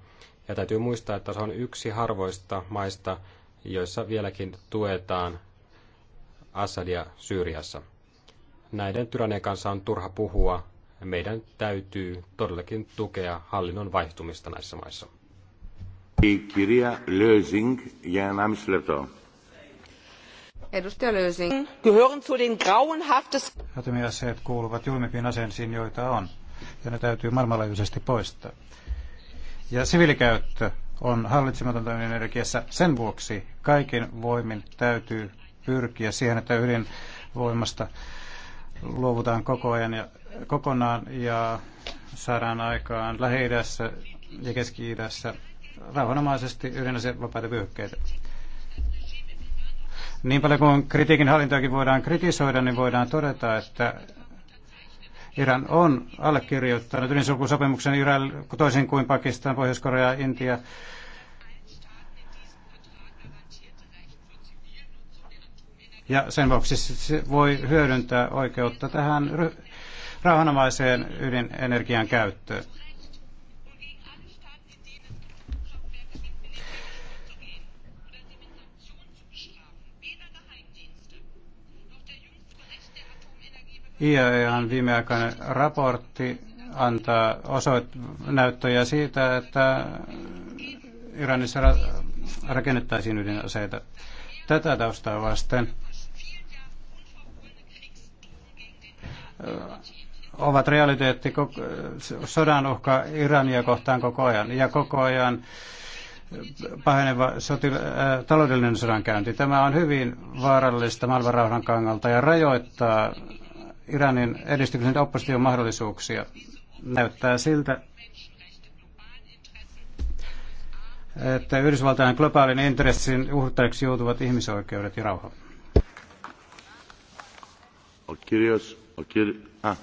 [SPEAKER 4] Ja täytyy muistaa, että se on yksi harvoista maista, joissa vieläkin tuetaan Assadia Syyriassa. Näiden tyrannien kanssa on turha puhua. Meidän täytyy todellakin tukea hallinnon vaihtumista näissä maissa.
[SPEAKER 3] Kirja Lösing ja
[SPEAKER 1] Edustaja Löysin. Gehören zu den grauenhaftes...
[SPEAKER 2] kuuluvat julmimpiin aseisiin, joita on, ja ne täytyy maailmanlaajuisesti poistaa. Ja siviilikäyttö on hallitsematonta energiassa. Sen vuoksi kaikin voimin täytyy pyrkiä siihen, että ydinvoimasta luovutaan koko ajan ja kokonaan ja saadaan aikaan lähi ja Keski-Idässä rauhanomaisesti ydinasevapaita vyöhykkeitä. Niin paljon kuin kritiikin hallintoakin voidaan kritisoida, niin voidaan todeta, että Iran on allekirjoittanut ydinsulkusopimuksen Iran toisin kuin Pakistan, Pohjois-Korea, Intia. Ja sen vuoksi se voi hyödyntää oikeutta tähän rauhanomaiseen ydinenergian käyttöön. IAEAn viimeaikainen raportti antaa osoit- näyttöjä siitä, että Iranissa ra- rakennettaisiin ydinaseita. Tätä taustaa vasten ovat realiteetti sodan uhka Irania kohtaan koko ajan ja koko ajan paheneva äh, taloudellinen sodankäynti. Tämä on hyvin vaarallista maailmanrauhan kannalta ja rajoittaa Iranin edistyksen opposition mahdollisuuksia. Näyttää siltä, että Yhdysvaltain globaalin intressin uhrittajaksi joutuvat ihmisoikeudet ja rauha.
[SPEAKER 3] Ah,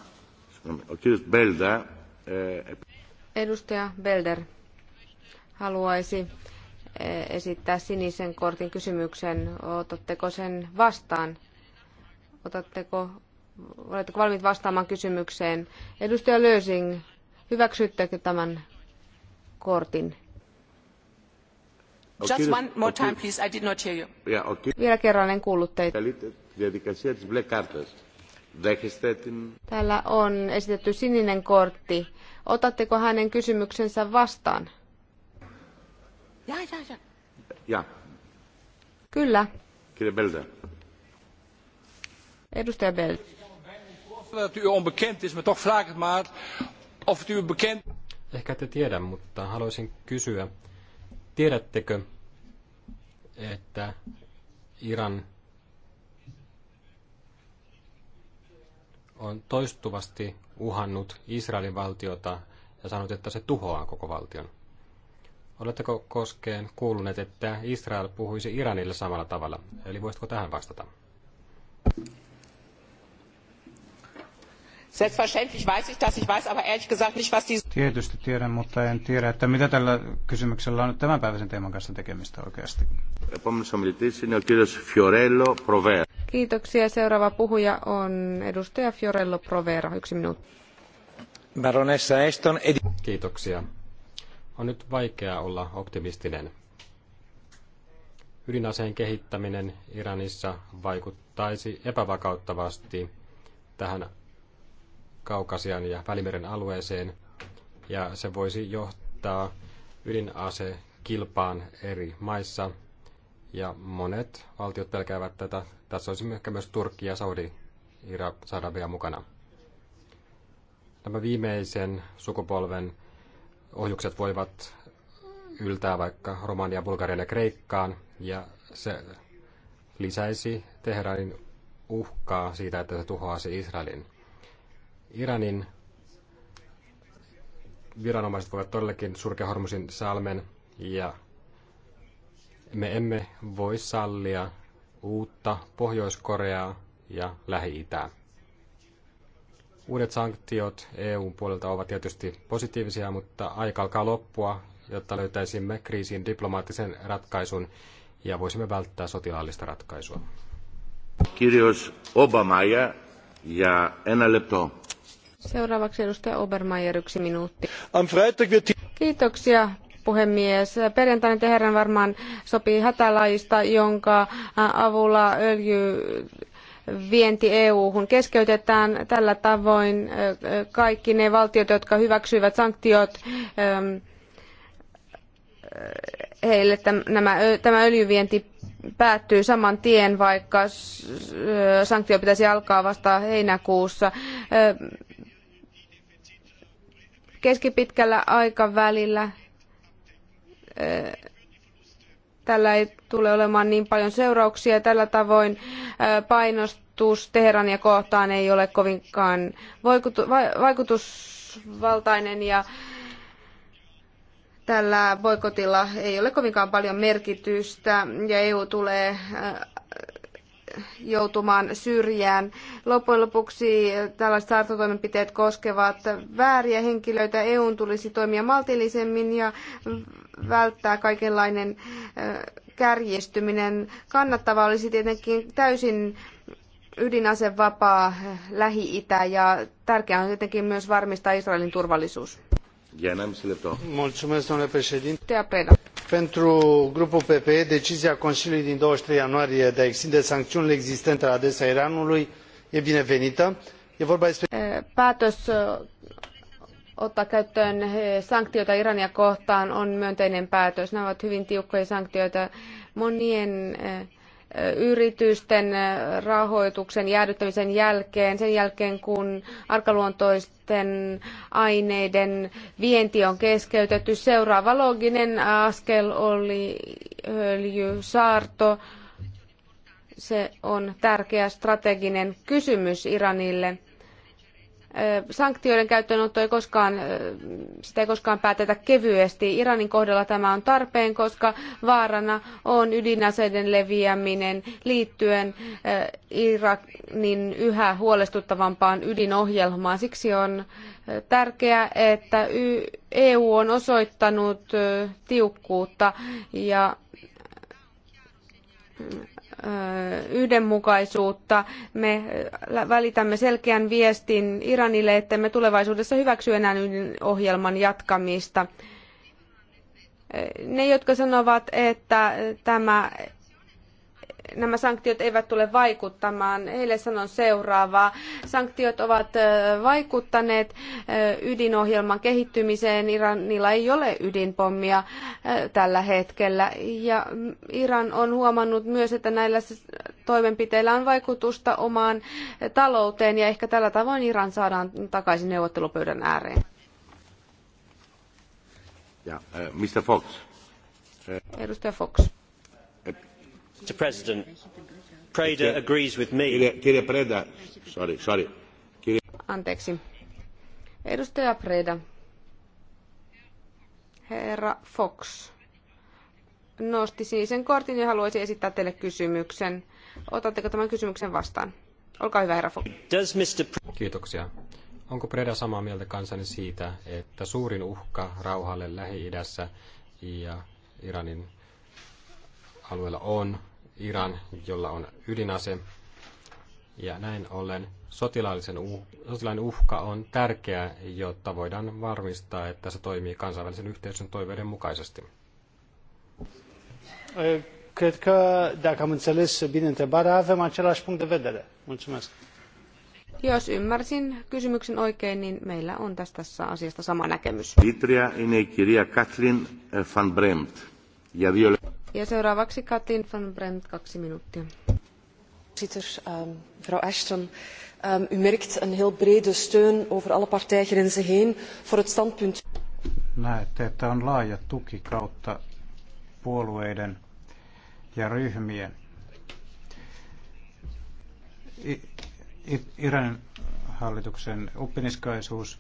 [SPEAKER 3] eh,
[SPEAKER 1] Edustaja Belder haluaisi eh, esittää sinisen kortin kysymyksen. Otatteko sen vastaan? Otatteko Oletteko valmiit vastaamaan kysymykseen? Edustaja Lösing, hyväksyttekö tämän kortin?
[SPEAKER 3] Oh, Just one more oh, time, please.
[SPEAKER 4] I did not
[SPEAKER 1] hear
[SPEAKER 3] you. Yeah, okay. Oh, Vielä kerran en kuullut teitä.
[SPEAKER 1] Täällä on esitetty sininen kortti. Otatteko hänen kysymyksensä vastaan? Ja, ja, ja. Ja. Kyllä. Kyllä, Edustaja Belda
[SPEAKER 5] dat u onbekend is, maar toch vraag het maar of het u bekend...
[SPEAKER 4] Ehkä ette tiedä, mutta haluaisin kysyä, tiedättekö, että Iran on toistuvasti uhannut Israelin valtiota ja sanonut, että se tuhoaa koko valtion. Oletteko koskeen kuuluneet, että Israel puhuisi Iranille samalla tavalla? Eli voisitko tähän vastata? Selbstverständlich weiß ich das, ich weiß aber ehrlich gesagt nicht, was die...
[SPEAKER 2] Tietysti tiedän, mutta en tiedä, että mitä tällä kysymyksellä on nyt tämänpäiväisen teeman kanssa tekemistä oikeasti.
[SPEAKER 3] Fiorello Provera.
[SPEAKER 1] Kiitoksia. Seuraava puhuja on edustaja Fiorello Provera. Yksi minuutti.
[SPEAKER 3] Baronessa Eston... Edi- Kiitoksia.
[SPEAKER 4] On nyt vaikea olla optimistinen. Ydinaseen kehittäminen Iranissa vaikuttaisi epävakauttavasti tähän Kaukasian ja Välimeren alueeseen, ja se voisi johtaa ydinasekilpaan eri maissa, ja monet valtiot pelkäävät tätä. Tässä olisi ehkä myös Turkki ja Saudi-Arabia mukana. Nämä viimeisen sukupolven ohjukset voivat yltää vaikka Romania, Bulgarian ja Kreikkaan, ja se lisäisi Teheranin uhkaa siitä, että se tuhoaisi Israelin. Iranin viranomaiset voivat todellakin surkea Hormusin salmen ja me emme voi sallia uutta Pohjois-Koreaa ja Lähi-Itää. Uudet sanktiot EUn puolelta ovat tietysti positiivisia, mutta aika alkaa loppua, jotta löytäisimme kriisin diplomaattisen ratkaisun ja voisimme välttää
[SPEAKER 3] sotilaallista ratkaisua. Kirjoitus Obama ja Enä Lepto.
[SPEAKER 1] Seuraavaksi edustaja Obermeier, yksi minuutti. Kiitoksia puhemies. Perjantaina Teheran varmaan sopii hätälaista, jonka avulla öljy vienti EU-hun keskeytetään. Tällä tavoin kaikki ne valtiot, jotka hyväksyivät sanktiot, heille tämä öljyvienti päättyy saman tien, vaikka sanktio pitäisi alkaa vasta heinäkuussa keskipitkällä aikavälillä tällä ei tule olemaan niin paljon seurauksia. Tällä tavoin painostus Teherania kohtaan ei ole kovinkaan vaikutusvaltainen ja tällä boikotilla ei ole kovinkaan paljon merkitystä ja EU tulee joutumaan syrjään. Loppujen lopuksi tällaiset saartotoimenpiteet koskevat vääriä henkilöitä. EUn tulisi toimia maltillisemmin ja välttää kaikenlainen kärjistyminen. Kannattava olisi tietenkin täysin ydinasevapaa Lähi-Itä ja tärkeää on tietenkin myös varmistaa Israelin turvallisuus
[SPEAKER 3] pentru grupul ppe decizia consiliului din douăzeci
[SPEAKER 5] și trei ianuarie de a extinde sanciunile existente la adresa iranului e binevenită. E vorba despre... Eh,
[SPEAKER 1] päätös eh, ottaa käyttöön eh, sanktioita irania kohtaan on myönteinen päätös. nämä ovat hyvin tiukkoja sanktioita monien yritysten äh, rahoituksen jäädyttämisen jälkeen, sen jälkeen kun arkaluontoisten aineiden vienti on keskeytetty. Seuraava looginen askel oli öljysaarto. Se on tärkeä strateginen kysymys Iranille sanktioiden käyttöönotto ei koskaan, sitä ei koskaan päätetä kevyesti. Iranin kohdalla tämä on tarpeen, koska vaarana on ydinaseiden leviäminen liittyen Iranin yhä huolestuttavampaan ydinohjelmaan. Siksi on tärkeää, että EU on osoittanut tiukkuutta ja yhdenmukaisuutta. Me välitämme selkeän viestin Iranille, että me tulevaisuudessa hyväksy enää ohjelman jatkamista. Ne, jotka sanovat, että tämä nämä sanktiot eivät tule vaikuttamaan. Heille sanon seuraavaa. Sanktiot ovat vaikuttaneet ydinohjelman kehittymiseen. Iranilla ei ole ydinpommia tällä hetkellä. Ja Iran on huomannut myös, että näillä toimenpiteillä on vaikutusta omaan talouteen ja ehkä tällä tavoin Iran saadaan takaisin neuvottelupöydän ääreen.
[SPEAKER 3] Ja, Mr. Fox.
[SPEAKER 1] Edustaja Fox.
[SPEAKER 3] Mr. President, Preda agrees with me. Kirja, Preda, sorry, sorry.
[SPEAKER 1] Anteeksi. Edustaja Preda. Herra Fox nosti sinisen kortin ja haluaisi esittää teille kysymyksen. Otatteko tämän kysymyksen vastaan? Olkaa hyvä, herra Fox.
[SPEAKER 4] Kiitoksia. Onko Preda samaa mieltä kansani siitä, että suurin uhka rauhalle Lähi-idässä ja Iranin alueella on Iran, jolla on ydinase. Ja näin ollen sotilaallisen uh, sotilaan uhka on tärkeä, jotta voidaan varmistaa, että se toimii kansainvälisen yhteisön toiveiden mukaisesti.
[SPEAKER 5] E, cred că, dacă am înțeles bine întrebarea, avem același punct de vedere. Mulțumesc. Jos
[SPEAKER 1] ymmärsin kysymyksen oikein, niin meillä on tästä asiasta sama näkemys.
[SPEAKER 3] Vitria in kirja e Kathleen eh, van Bremt. Ja
[SPEAKER 1] ja seuraavaksi Katin van Brent, kaksi minuuttia. Voorzitter, ehm, mevrouw Ashton, ehm, u merkt een heel brede steun over alle partijgrenzen heen voor het standpunt.
[SPEAKER 2] Näette, että on laaja tuki kautta puolueiden ja ryhmien. Iranin hallituksen uppiniskaisuus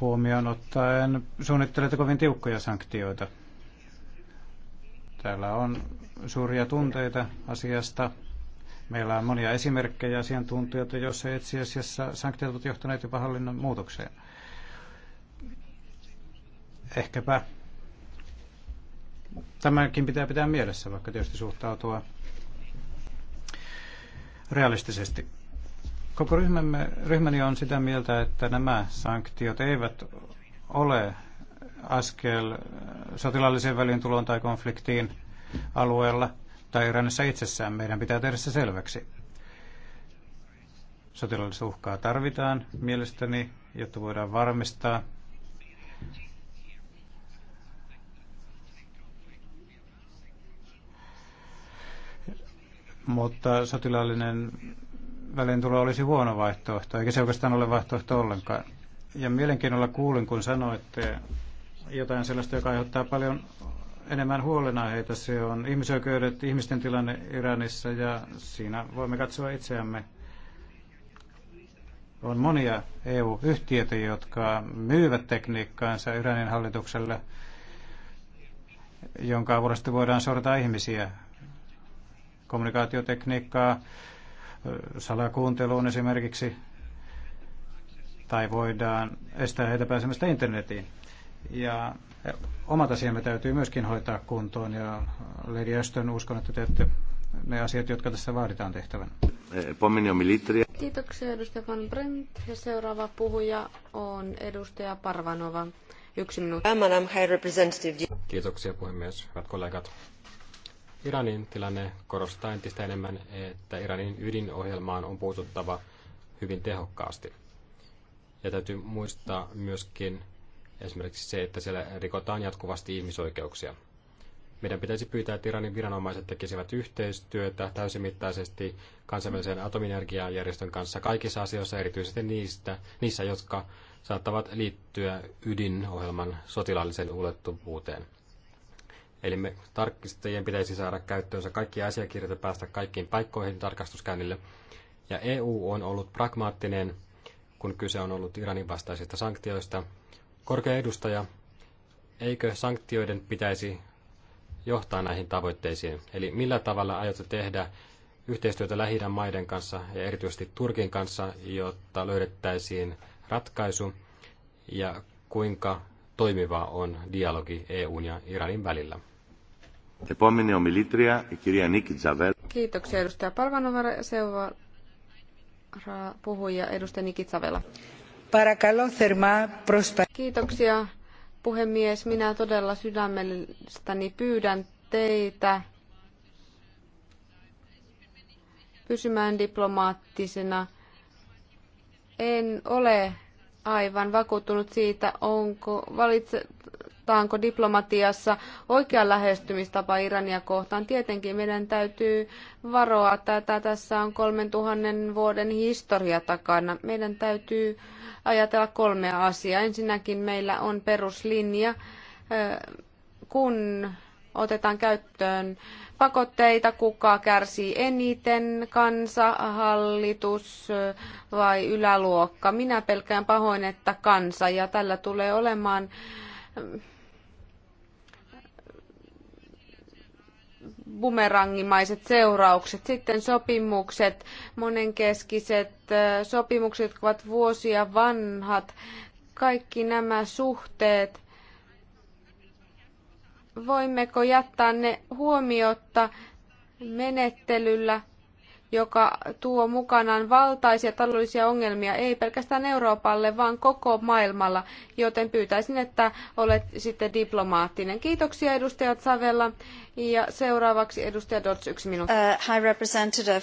[SPEAKER 2] huomioon ottaen suunnittelette kovin tiukkoja sanktioita – Täällä on suuria tunteita asiasta. Meillä on monia esimerkkejä asiantuntijoita, joissa itse asiassa sanktiot ovat johtaneet jopa hallinnon muutokseen. Ehkäpä tämäkin pitää pitää mielessä, vaikka tietysti suhtautua realistisesti. Koko ryhmämme, ryhmäni on sitä mieltä, että nämä sanktiot eivät ole askel äh, välin väliintuloon tai konfliktiin alueella tai Iranissa itsessään. Meidän pitää tehdä se selväksi. Sotilaallista uhkaa tarvitaan mielestäni, jotta voidaan varmistaa mutta sotilaallinen välintulo olisi huono vaihtoehto, eikä se oikeastaan ole vaihtoehto ollenkaan. Ja mielenkiinnolla kuulin, kun sanoitte, jotain sellaista, joka aiheuttaa paljon enemmän huolenaiheita. Se on ihmisoikeudet, ihmisten tilanne Iranissa ja siinä voimme katsoa itseämme. On monia EU-yhtiöitä, jotka myyvät tekniikkaansa Iranin hallitukselle, jonka avulla voidaan sortaa ihmisiä. Kommunikaatiotekniikkaa, salakuunteluun esimerkiksi, tai voidaan estää heitä pääsemästä internetiin. Ja eh, omat asiamme täytyy myöskin hoitaa kuntoon ja eh, Lady Ashton uskon, että teette ne asiat, jotka tässä vaaditaan tehtävän. Eh,
[SPEAKER 1] Kiitoksia edustaja Van Brent ja seuraava puhuja on edustaja Parvanova. Yksi minuutti.
[SPEAKER 4] Kiitoksia puhemies, hyvät kollegat. Iranin tilanne korostaa entistä enemmän, että Iranin ydinohjelmaan on puututtava hyvin tehokkaasti. Ja täytyy muistaa myöskin esimerkiksi se, että siellä rikotaan jatkuvasti ihmisoikeuksia. Meidän pitäisi pyytää, että Iranin viranomaiset tekisivät yhteistyötä täysimittaisesti kansainvälisen atomienergiajärjestön kanssa kaikissa asioissa, erityisesti niistä, niissä, jotka saattavat liittyä ydinohjelman sotilaalliseen ulottuvuuteen. Eli me tarkistajien pitäisi saada käyttöönsä kaikki asiakirjat ja päästä kaikkiin paikkoihin tarkastuskäynnille. Ja EU on ollut pragmaattinen, kun kyse on ollut Iranin vastaisista sanktioista, Korkea edustaja, eikö sanktioiden pitäisi johtaa näihin tavoitteisiin? Eli millä tavalla aiotte tehdä yhteistyötä lähi maiden kanssa ja erityisesti Turkin kanssa, jotta löydettäisiin ratkaisu ja kuinka toimiva on dialogi EUn ja Iranin välillä?
[SPEAKER 3] Επόμενη ομιλήτρια, η kirja Νίκη
[SPEAKER 1] Kiitoksia edustaja Seuraava puhuja edustaja Niki Kiitoksia puhemies. Minä todella sydämestäni pyydän teitä pysymään diplomaattisena. En ole aivan vakuuttunut siitä, onko valitse, Noudatetaanko diplomatiassa oikea lähestymistapa Irania kohtaan? Tietenkin meidän täytyy varoa tätä. Tässä on 3000 vuoden historia takana. Meidän täytyy ajatella kolmea asiaa. Ensinnäkin meillä on peruslinja. Kun otetaan käyttöön pakotteita, kuka kärsii eniten, kansa, hallitus vai yläluokka. Minä pelkään pahoin, että kansa ja tällä tulee olemaan bumerangimaiset seuraukset. Sitten sopimukset, monenkeskiset sopimukset, jotka ovat vuosia vanhat, kaikki nämä suhteet. Voimmeko jättää ne huomiotta menettelyllä, joka tuo mukanaan valtaisia taloudellisia ongelmia ei pelkästään Euroopalle, vaan koko maailmalla, joten pyytäisin, että olet sitten diplomaattinen. Kiitoksia edustaja Savella ja seuraavaksi edustaja Dodds yksi minuutti. Uh, high representative.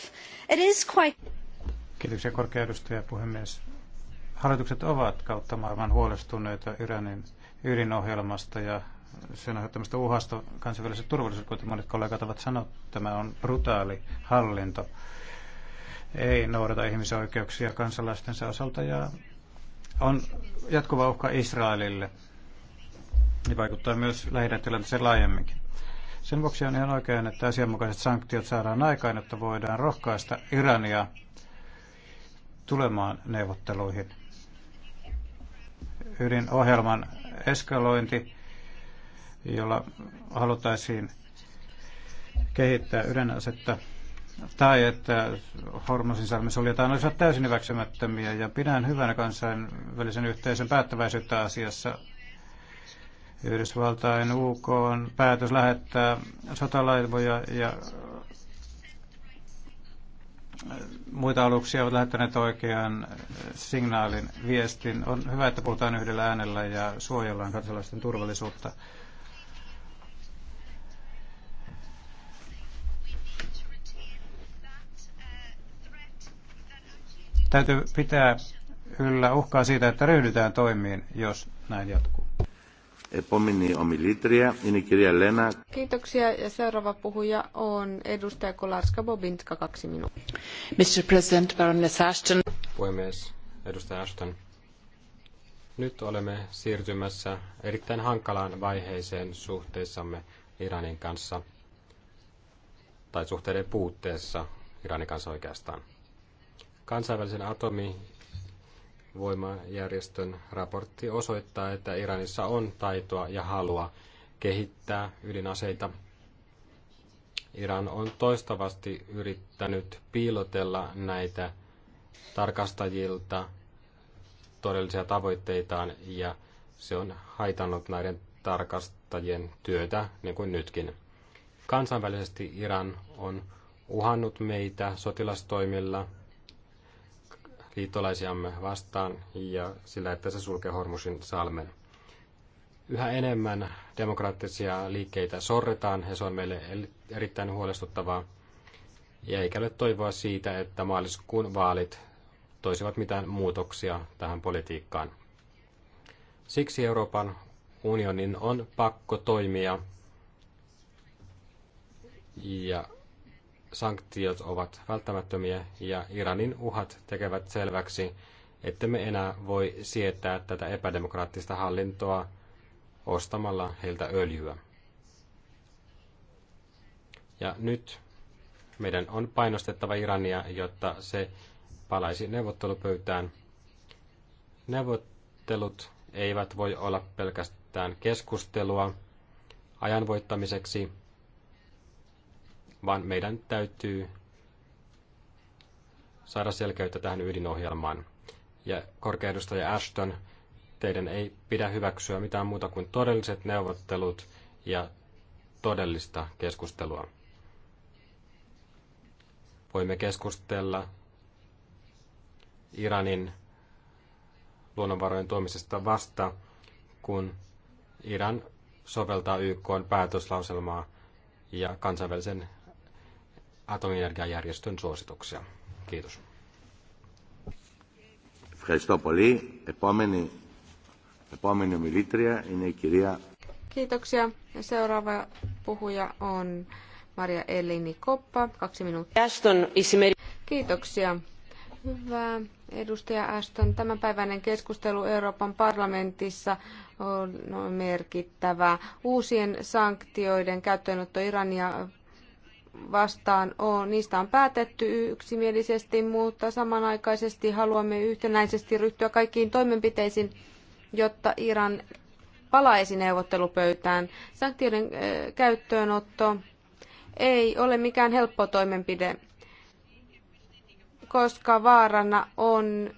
[SPEAKER 1] It is quite...
[SPEAKER 2] Kiitoksia korkea edustaja puhemies. Hallitukset ovat kautta maailman huolestuneita Iranin ydinohjelmasta ja sen aiheuttamasta uhasta kansainväliset turvallisuudelle, kuten monet kollegat ovat sanoneet, tämä on brutaali hallinto. Ei noudata ihmisoikeuksia kansalaistensa osalta ja on jatkuva uhka Israelille ja vaikuttaa myös lähinnä tilanteeseen laajemminkin. Sen vuoksi on ihan oikein, että asianmukaiset sanktiot saadaan aikaan, että voidaan rohkaista Irania tulemaan neuvotteluihin. Ydinohjelman eskalointi jolla haluttaisiin kehittää ydinasetta tai että Hormosinsalmi suljetaan olisivat täysin hyväksymättömiä ja pidän hyvänä kansainvälisen yhteisön päättäväisyyttä asiassa. Yhdysvaltain UK on päätös lähettää sotalaivoja ja muita aluksia ovat lähettäneet oikean signaalin, viestin. On hyvä, että puhutaan yhdellä äänellä ja suojellaan kansalaisten turvallisuutta. Täytyy pitää yllä uhkaa siitä, että ryhdytään toimiin, jos näin jatkuu.
[SPEAKER 3] Epomini Omilitria, είναι η Lena.
[SPEAKER 1] Kiitoksia ja seuraava puhuja on edustaja Kolarska Bobinska, kaksi minuuttia.
[SPEAKER 5] Mr. President, Baroness Ashton.
[SPEAKER 4] Puhemies, edustaja Ashton. Nyt olemme siirtymässä erittäin hankalaan vaiheeseen suhteessamme Iranin kanssa, tai suhteiden puutteessa Iranin kanssa oikeastaan. Kansainvälisen atomivoimajärjestön raportti osoittaa, että Iranissa on taitoa ja halua kehittää ydinaseita. Iran on toistavasti yrittänyt piilotella näitä tarkastajilta todellisia tavoitteitaan ja se on haitannut näiden tarkastajien työtä, niin kuin nytkin. Kansainvälisesti Iran on uhannut meitä sotilastoimilla liittolaisiamme vastaan ja sillä, että se sulkee Hormusin salmen. Yhä enemmän demokraattisia liikkeitä sorretaan ja se on meille erittäin huolestuttavaa. Ja eikä ole toivoa siitä, että maaliskuun vaalit toisivat mitään muutoksia tähän politiikkaan. Siksi Euroopan unionin on pakko toimia ja sanktiot ovat välttämättömiä ja Iranin uhat tekevät selväksi, että me enää voi sietää tätä epädemokraattista hallintoa ostamalla heiltä öljyä. Ja nyt meidän on painostettava Irania, jotta se palaisi neuvottelupöytään. Neuvottelut eivät voi olla pelkästään keskustelua ajan voittamiseksi, vaan meidän täytyy saada selkeyttä tähän ydinohjelmaan. Ja korkeudustaja Ashton, teidän ei pidä hyväksyä mitään muuta kuin todelliset neuvottelut ja todellista keskustelua. Voimme keskustella Iranin luonnonvarojen tuomisesta vasta, kun Iran soveltaa YK päätöslauselmaa ja kansainvälisen atomienergiajärjestön suosituksia. Kiitos.
[SPEAKER 3] Kiitoksia. Ja
[SPEAKER 1] Kiitoksia. Seuraava puhuja on Maria Elini Koppa, kaksi minuuttia. Kiitoksia. Hyvä edustaja Aston. Tämänpäiväinen keskustelu Euroopan parlamentissa on merkittävä. Uusien sanktioiden käyttöönotto Irania vastaan on, niistä on päätetty yksimielisesti, mutta samanaikaisesti haluamme yhtenäisesti ryhtyä kaikkiin toimenpiteisiin, jotta Iran palaisi neuvottelupöytään. Sanktioiden käyttöönotto ei ole mikään helppo toimenpide koska vaarana on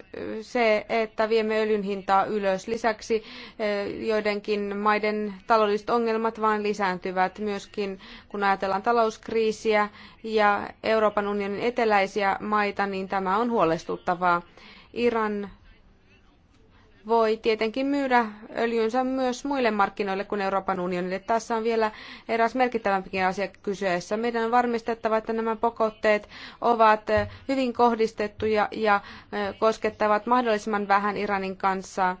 [SPEAKER 1] se, että viemme öljyn hintaa ylös. Lisäksi eh, joidenkin maiden taloudelliset ongelmat vain lisääntyvät myöskin, kun ajatellaan talouskriisiä ja Euroopan unionin eteläisiä maita, niin tämä on huolestuttavaa. Iran voi tietenkin myydä öljynsä myös muille markkinoille kuin Euroopan unionille. Tässä on vielä eräs merkittävämpikin asia kyseessä. Meidän on varmistettava, että nämä pakotteet ovat hyvin kohdistettuja ja koskettavat mahdollisimman vähän Iranin kanssa.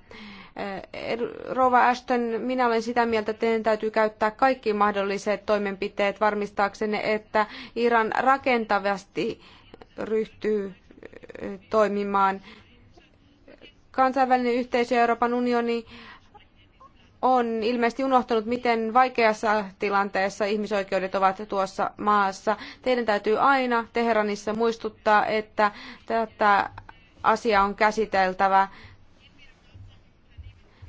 [SPEAKER 1] Rova Ashton, minä olen sitä mieltä, että teidän täytyy käyttää kaikki mahdolliset toimenpiteet varmistaaksenne, että Iran rakentavasti ryhtyy toimimaan Kansainvälinen yhteisö ja Euroopan unioni on ilmeisesti unohtanut, miten vaikeassa tilanteessa ihmisoikeudet ovat tuossa maassa. Teidän täytyy aina Teheranissa muistuttaa, että tätä asiaa on käsiteltävä.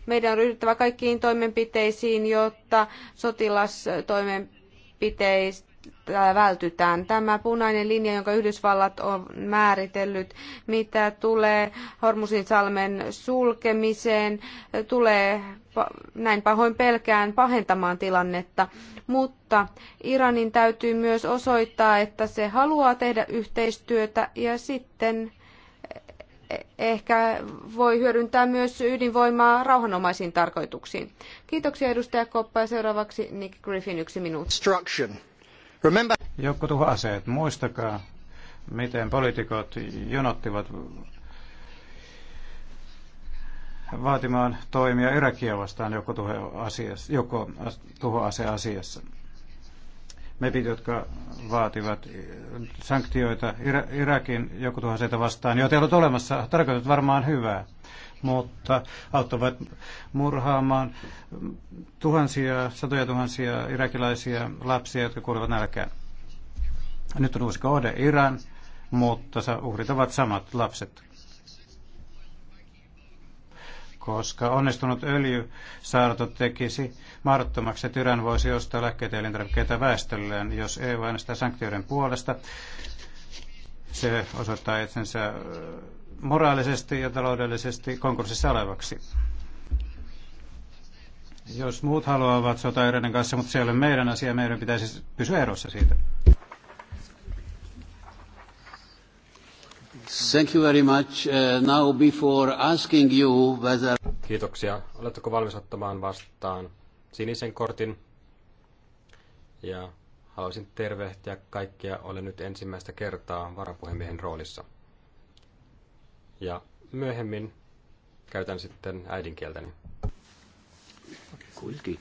[SPEAKER 1] Meidän on ryhdyttävä kaikkiin toimenpiteisiin, jotta sotilastoimenpiteistä täällä vältytään. Tämä punainen linja, jonka Yhdysvallat on määritellyt, mitä tulee Hormusin salmen sulkemiseen, tulee näin pahoin pelkään pahentamaan tilannetta. Mutta Iranin täytyy myös osoittaa, että se haluaa tehdä yhteistyötä ja sitten e-, ehkä voi hyödyntää myös ydinvoimaa rauhanomaisiin tarkoituksiin. Kiitoksia edustaja Koppa ja seuraavaksi Nick Griffin yksi minuutti.
[SPEAKER 2] Remember... Joukkotuhoaseet, muistakaa, miten poliitikot jonottivat vaatimaan toimia Irakia vastaan joukkotuhoaseasiassa. Me Mepit, jotka vaativat sanktioita Irakin joukkotuhoaseita vastaan, joita ei ollut olemassa, tarkoitat varmaan hyvää mutta auttavat murhaamaan tuhansia, satoja tuhansia irakilaisia lapsia, jotka kuulevat nälkään. Nyt on uusi kohde Iran, mutta uhrit ovat samat lapset. Koska onnistunut öljysaarto tekisi mahdottomaksi, että Iran voisi ostaa lääkkeitä ja elintarvikkeita väestölleen, jos EU äänestää sanktioiden puolesta. Se osoittaa itsensä moraalisesti ja taloudellisesti konkurssissa olevaksi. Jos muut haluavat sotaeräiden kanssa, mutta se ei ole meidän asia, meidän pitäisi pysyä erossa siitä.
[SPEAKER 5] Thank you very much. Uh, now before asking you whether... Kiitoksia. Oletteko valmis ottamaan
[SPEAKER 4] vastaan sinisen kortin? Ja haluaisin tervehtiä kaikkia. Olen nyt ensimmäistä kertaa varapuhemiehen roolissa. Ja myöhemmin käytän sitten äidinkieltäni.
[SPEAKER 5] Kulki.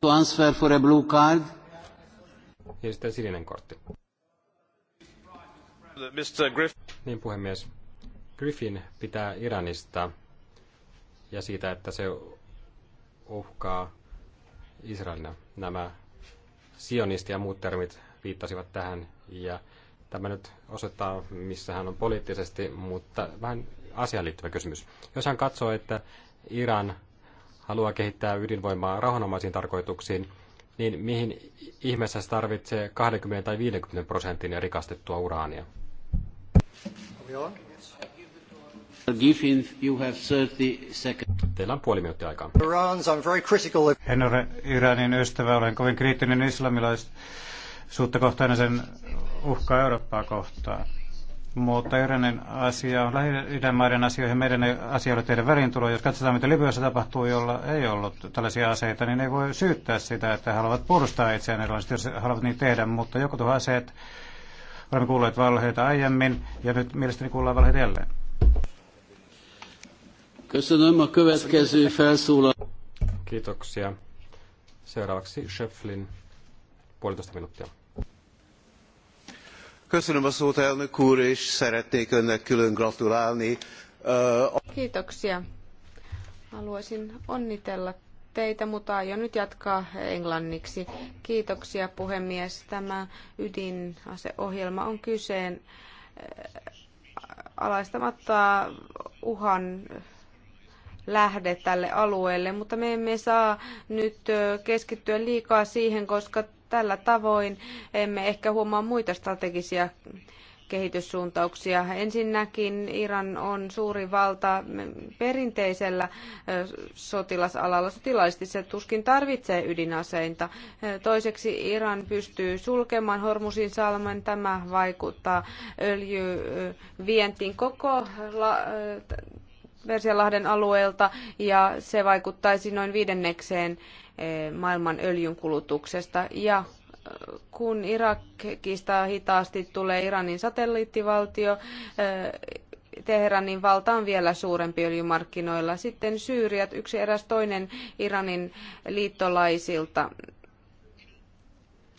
[SPEAKER 5] Transfer for a blue card. Ja sitten sininen kortti.
[SPEAKER 2] Mr. Griff.
[SPEAKER 4] Niin puhemies. Griffin pitää Iranista ja siitä, että se uhkaa Israelina. Nämä sionisti ja muut termit viittasivat tähän. Ja tämä nyt osoittaa, missä hän on poliittisesti, mutta vähän asiaan liittyvä kysymys. Jos hän katsoo, että Iran haluaa kehittää ydinvoimaa rauhanomaisiin tarkoituksiin, niin mihin ihmeessä se tarvitsee 20 tai 50 prosentin rikastettua uraania?
[SPEAKER 5] Teillä on puoli minuuttia aikaa.
[SPEAKER 2] En ole Iranin ystävä, olen kovin kriittinen islamilaisuutta kohtaan ja sen uhkaa Eurooppaa kohtaan. Mutta Iranin asia on lähi maiden asioihin, meidän asia oli tehdä välintulo. Jos katsotaan, mitä Libyassa tapahtuu, jolla ei ollut tällaisia aseita, niin ei voi syyttää sitä, että he haluavat puolustaa itseään erilaisesti, jos haluavat niin tehdä. Mutta joku tuo aseet, olemme kuulleet valheita aiemmin, ja nyt mielestäni kuullaan valheita jälleen. Köszönöm a következő
[SPEAKER 5] felszólal. Kiitoksia. Seuraavaksi Schöpflin
[SPEAKER 4] puolitoista minuuttia.
[SPEAKER 2] Köszönöm a szót, elnök úr, és szeretnék önnek külön gratulálni.
[SPEAKER 1] Kiitoksia. Haluaisin onnitella teitä, mutta aion nyt jatkaa englanniksi. Kiitoksia puhemies. Tämä ydinaseohjelma on kyseen äh, alaistamatta uhan lähde tälle alueelle, mutta me emme saa nyt keskittyä liikaa siihen, koska tällä tavoin emme ehkä huomaa muita strategisia kehityssuuntauksia. Ensinnäkin Iran on suuri valta perinteisellä sotilasalalla. Sotilaallisesti se tuskin tarvitsee ydinaseita. Toiseksi Iran pystyy sulkemaan Hormusin salmen. Tämä vaikuttaa öljyvientiin koko Persianlahden alueelta ja se vaikuttaisi noin viidennekseen eh, maailman öljynkulutuksesta. Ja eh, kun Irakista hitaasti tulee Iranin satelliittivaltio, eh, Teheranin valta on vielä suurempi öljymarkkinoilla. Sitten Syyriat, yksi eräs toinen Iranin liittolaisilta.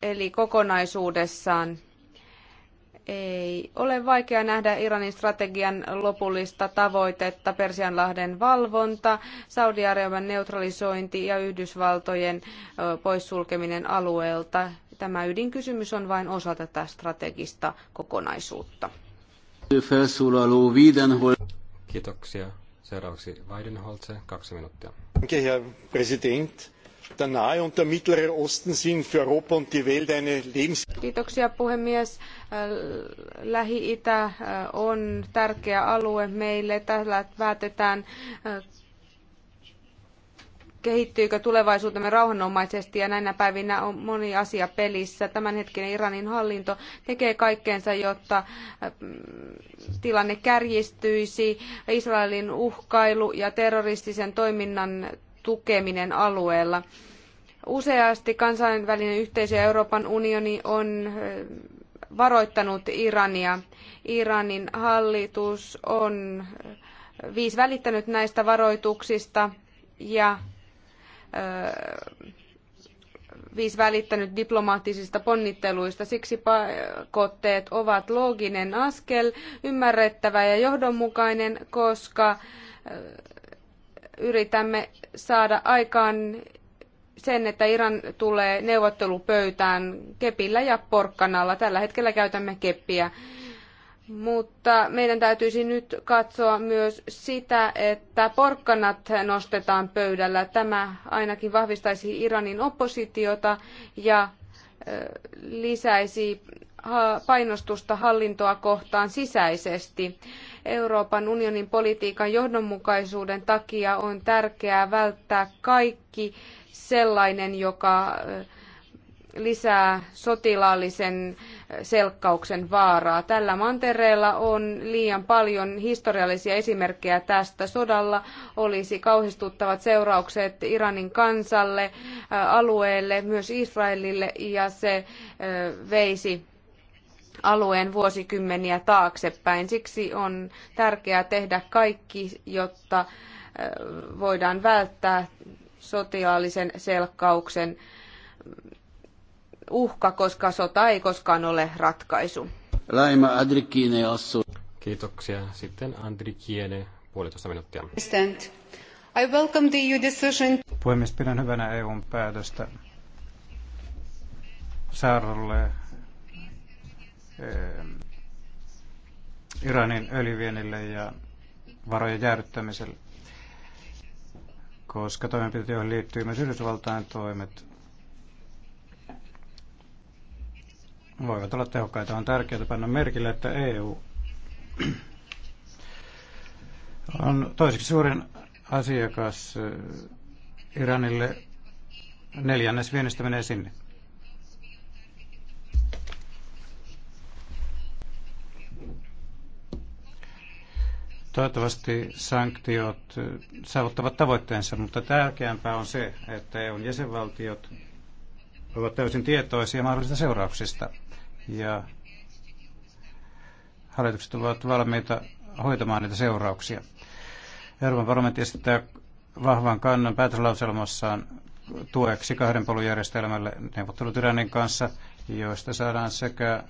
[SPEAKER 1] Eli kokonaisuudessaan ei ole vaikea nähdä Iranin strategian lopullista tavoitetta, Persianlahden valvonta, Saudi-Arabian neutralisointi ja Yhdysvaltojen poissulkeminen alueelta. Tämä ydinkysymys on vain osa tätä strategista kokonaisuutta.
[SPEAKER 5] Kiitoksia. Seuraavaksi Weidenholze, kaksi minuuttia. Herr Präsident der nahe und der mittlere osten sind für europa und die welt eine lebens
[SPEAKER 1] puhemies. Äh, Lähi-itä äh, on tärkeä alue meille. Tällä päätetään äh, kehittyykö tulevaisuutemme rauhanomaisesti ja näinä päivinä on moni asia pelissä. Tämänhetkinen Iranin hallinto tekee kaikkeensa, jotta tilanne kärjistyisi. Israelin uhkailu ja terroristisen toiminnan tukeminen alueella. Useasti kansainvälinen yhteisö ja Euroopan unioni on varoittanut Irania. Iranin hallitus on viis välittänyt näistä varoituksista ja viis välittänyt diplomaattisista ponnitteluista. Siksi pakotteet ovat looginen askel, ymmärrettävä ja johdonmukainen, koska yritämme saada aikaan sen, että Iran tulee neuvottelupöytään kepillä ja porkkanalla. Tällä hetkellä käytämme keppiä. Mutta meidän täytyisi nyt katsoa myös sitä, että porkkanat nostetaan pöydällä. Tämä ainakin vahvistaisi Iranin oppositiota ja lisäisi painostusta hallintoa kohtaan sisäisesti. Euroopan unionin politiikan johdonmukaisuuden takia on tärkeää välttää kaikki sellainen, joka eh, lisää sotilaallisen eh, selkkauksen vaaraa. Tällä mantereella on liian paljon historiallisia esimerkkejä tästä. Sodalla olisi kauhistuttavat seuraukset Iranin kansalle, eh, alueelle, myös Israelille ja se veisi alueen vuosikymmeniä taaksepäin. Siksi on tärkeää tehdä kaikki, jotta voidaan välttää sotilaallisen selkkauksen uhka, koska sota ei koskaan ole ratkaisu.
[SPEAKER 5] Laima Adrikine assu. Kiitoksia. Sitten Andrikiene, puolitoista minuuttia.
[SPEAKER 1] President, I welcome the EU decision.
[SPEAKER 2] Puhemies, pidän hyvänä EUn päätöstä saarrolle Iranin öljyviennille ja varojen jäädyttämiselle, koska toimenpiteet, joihin liittyy myös Yhdysvaltain toimet, voivat olla tehokkaita. On tärkeää panna merkille, että EU on toiseksi suurin asiakas Iranille. Neljännes viennistä menee sinne. Toivottavasti sanktiot eh, saavuttavat tavoitteensa, mutta tärkeämpää on se, että EUn jäsenvaltiot ovat täysin tietoisia mahdollisista seurauksista ja hallitukset ovat valmiita hoitamaan niitä seurauksia. Euroopan parlamentti esittää vahvan kannan päätöslauselmassaan tueksi kahden polun järjestelmälle Iranin kanssa, joista saadaan sekä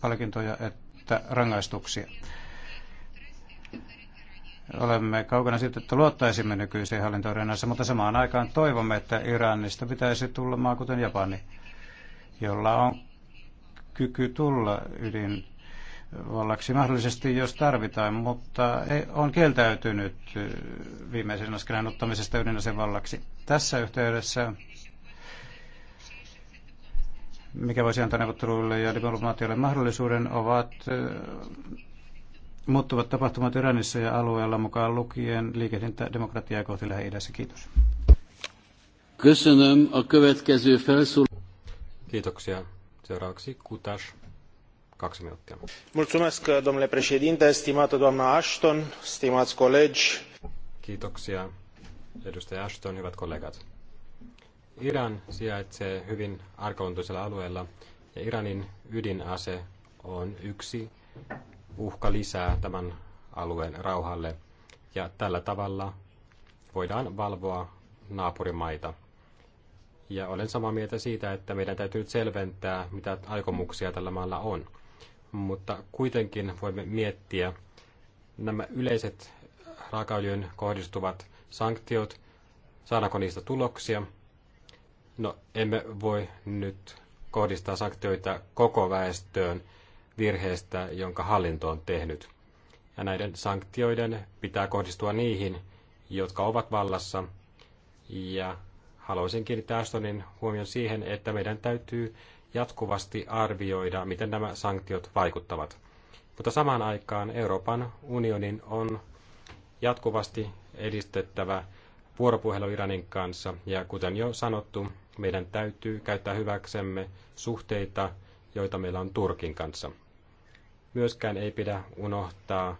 [SPEAKER 2] palkintoja että rangaistuksia. Olemme kaukana siitä, että luottaisimme nykyisiin hallintorinnassa, mutta samaan aikaan toivomme, että Iranista pitäisi tulla maa kuten Japani, jolla on kyky tulla ydin vallaksi mahdollisesti, jos tarvitaan, mutta ei, on kieltäytynyt viimeisen askeleen ottamisesta ydinaseen vallaksi. Tässä yhteydessä, mikä voisi antaa neuvotteluille ja diplomaatioille mahdollisuuden, ovat muuttuvat tapahtumat Iranissa ja alueella mukaan lukien liikehdintä demokratiaa kohti lähi -idässä. Kiitos.
[SPEAKER 5] Kiitoksia. Seuraavaksi Kutas. Kaksi minuuttia. Mulțumesc, domnule președinte, stimată doamna Ashton, stimați colegi.
[SPEAKER 4] Kiitoksia, edustaja Ashton, hyvät kollegat. Iran sijaitsee hyvin arkaluontoisella alueella ja Iranin ydinase on yksi uhka lisää tämän alueen rauhalle. Ja tällä tavalla voidaan valvoa naapurimaita. Ja olen samaa mieltä siitä, että meidän täytyy nyt selventää, mitä aikomuksia tällä maalla on. Mutta kuitenkin voimme miettiä nämä yleiset raakaöljyn kohdistuvat sanktiot, saadaanko niistä tuloksia. No, emme voi nyt kohdistaa sanktioita koko väestöön virheestä, jonka hallinto on tehnyt. Ja näiden sanktioiden pitää kohdistua niihin, jotka ovat vallassa. Ja haluaisin kiinnittää Ashtonin huomion siihen, että meidän täytyy jatkuvasti arvioida, miten nämä sanktiot vaikuttavat. Mutta samaan aikaan Euroopan unionin on jatkuvasti edistettävä vuoropuhelu Iranin kanssa, ja kuten jo sanottu, meidän täytyy käyttää hyväksemme suhteita, joita meillä on Turkin kanssa. Myöskään ei pidä unohtaa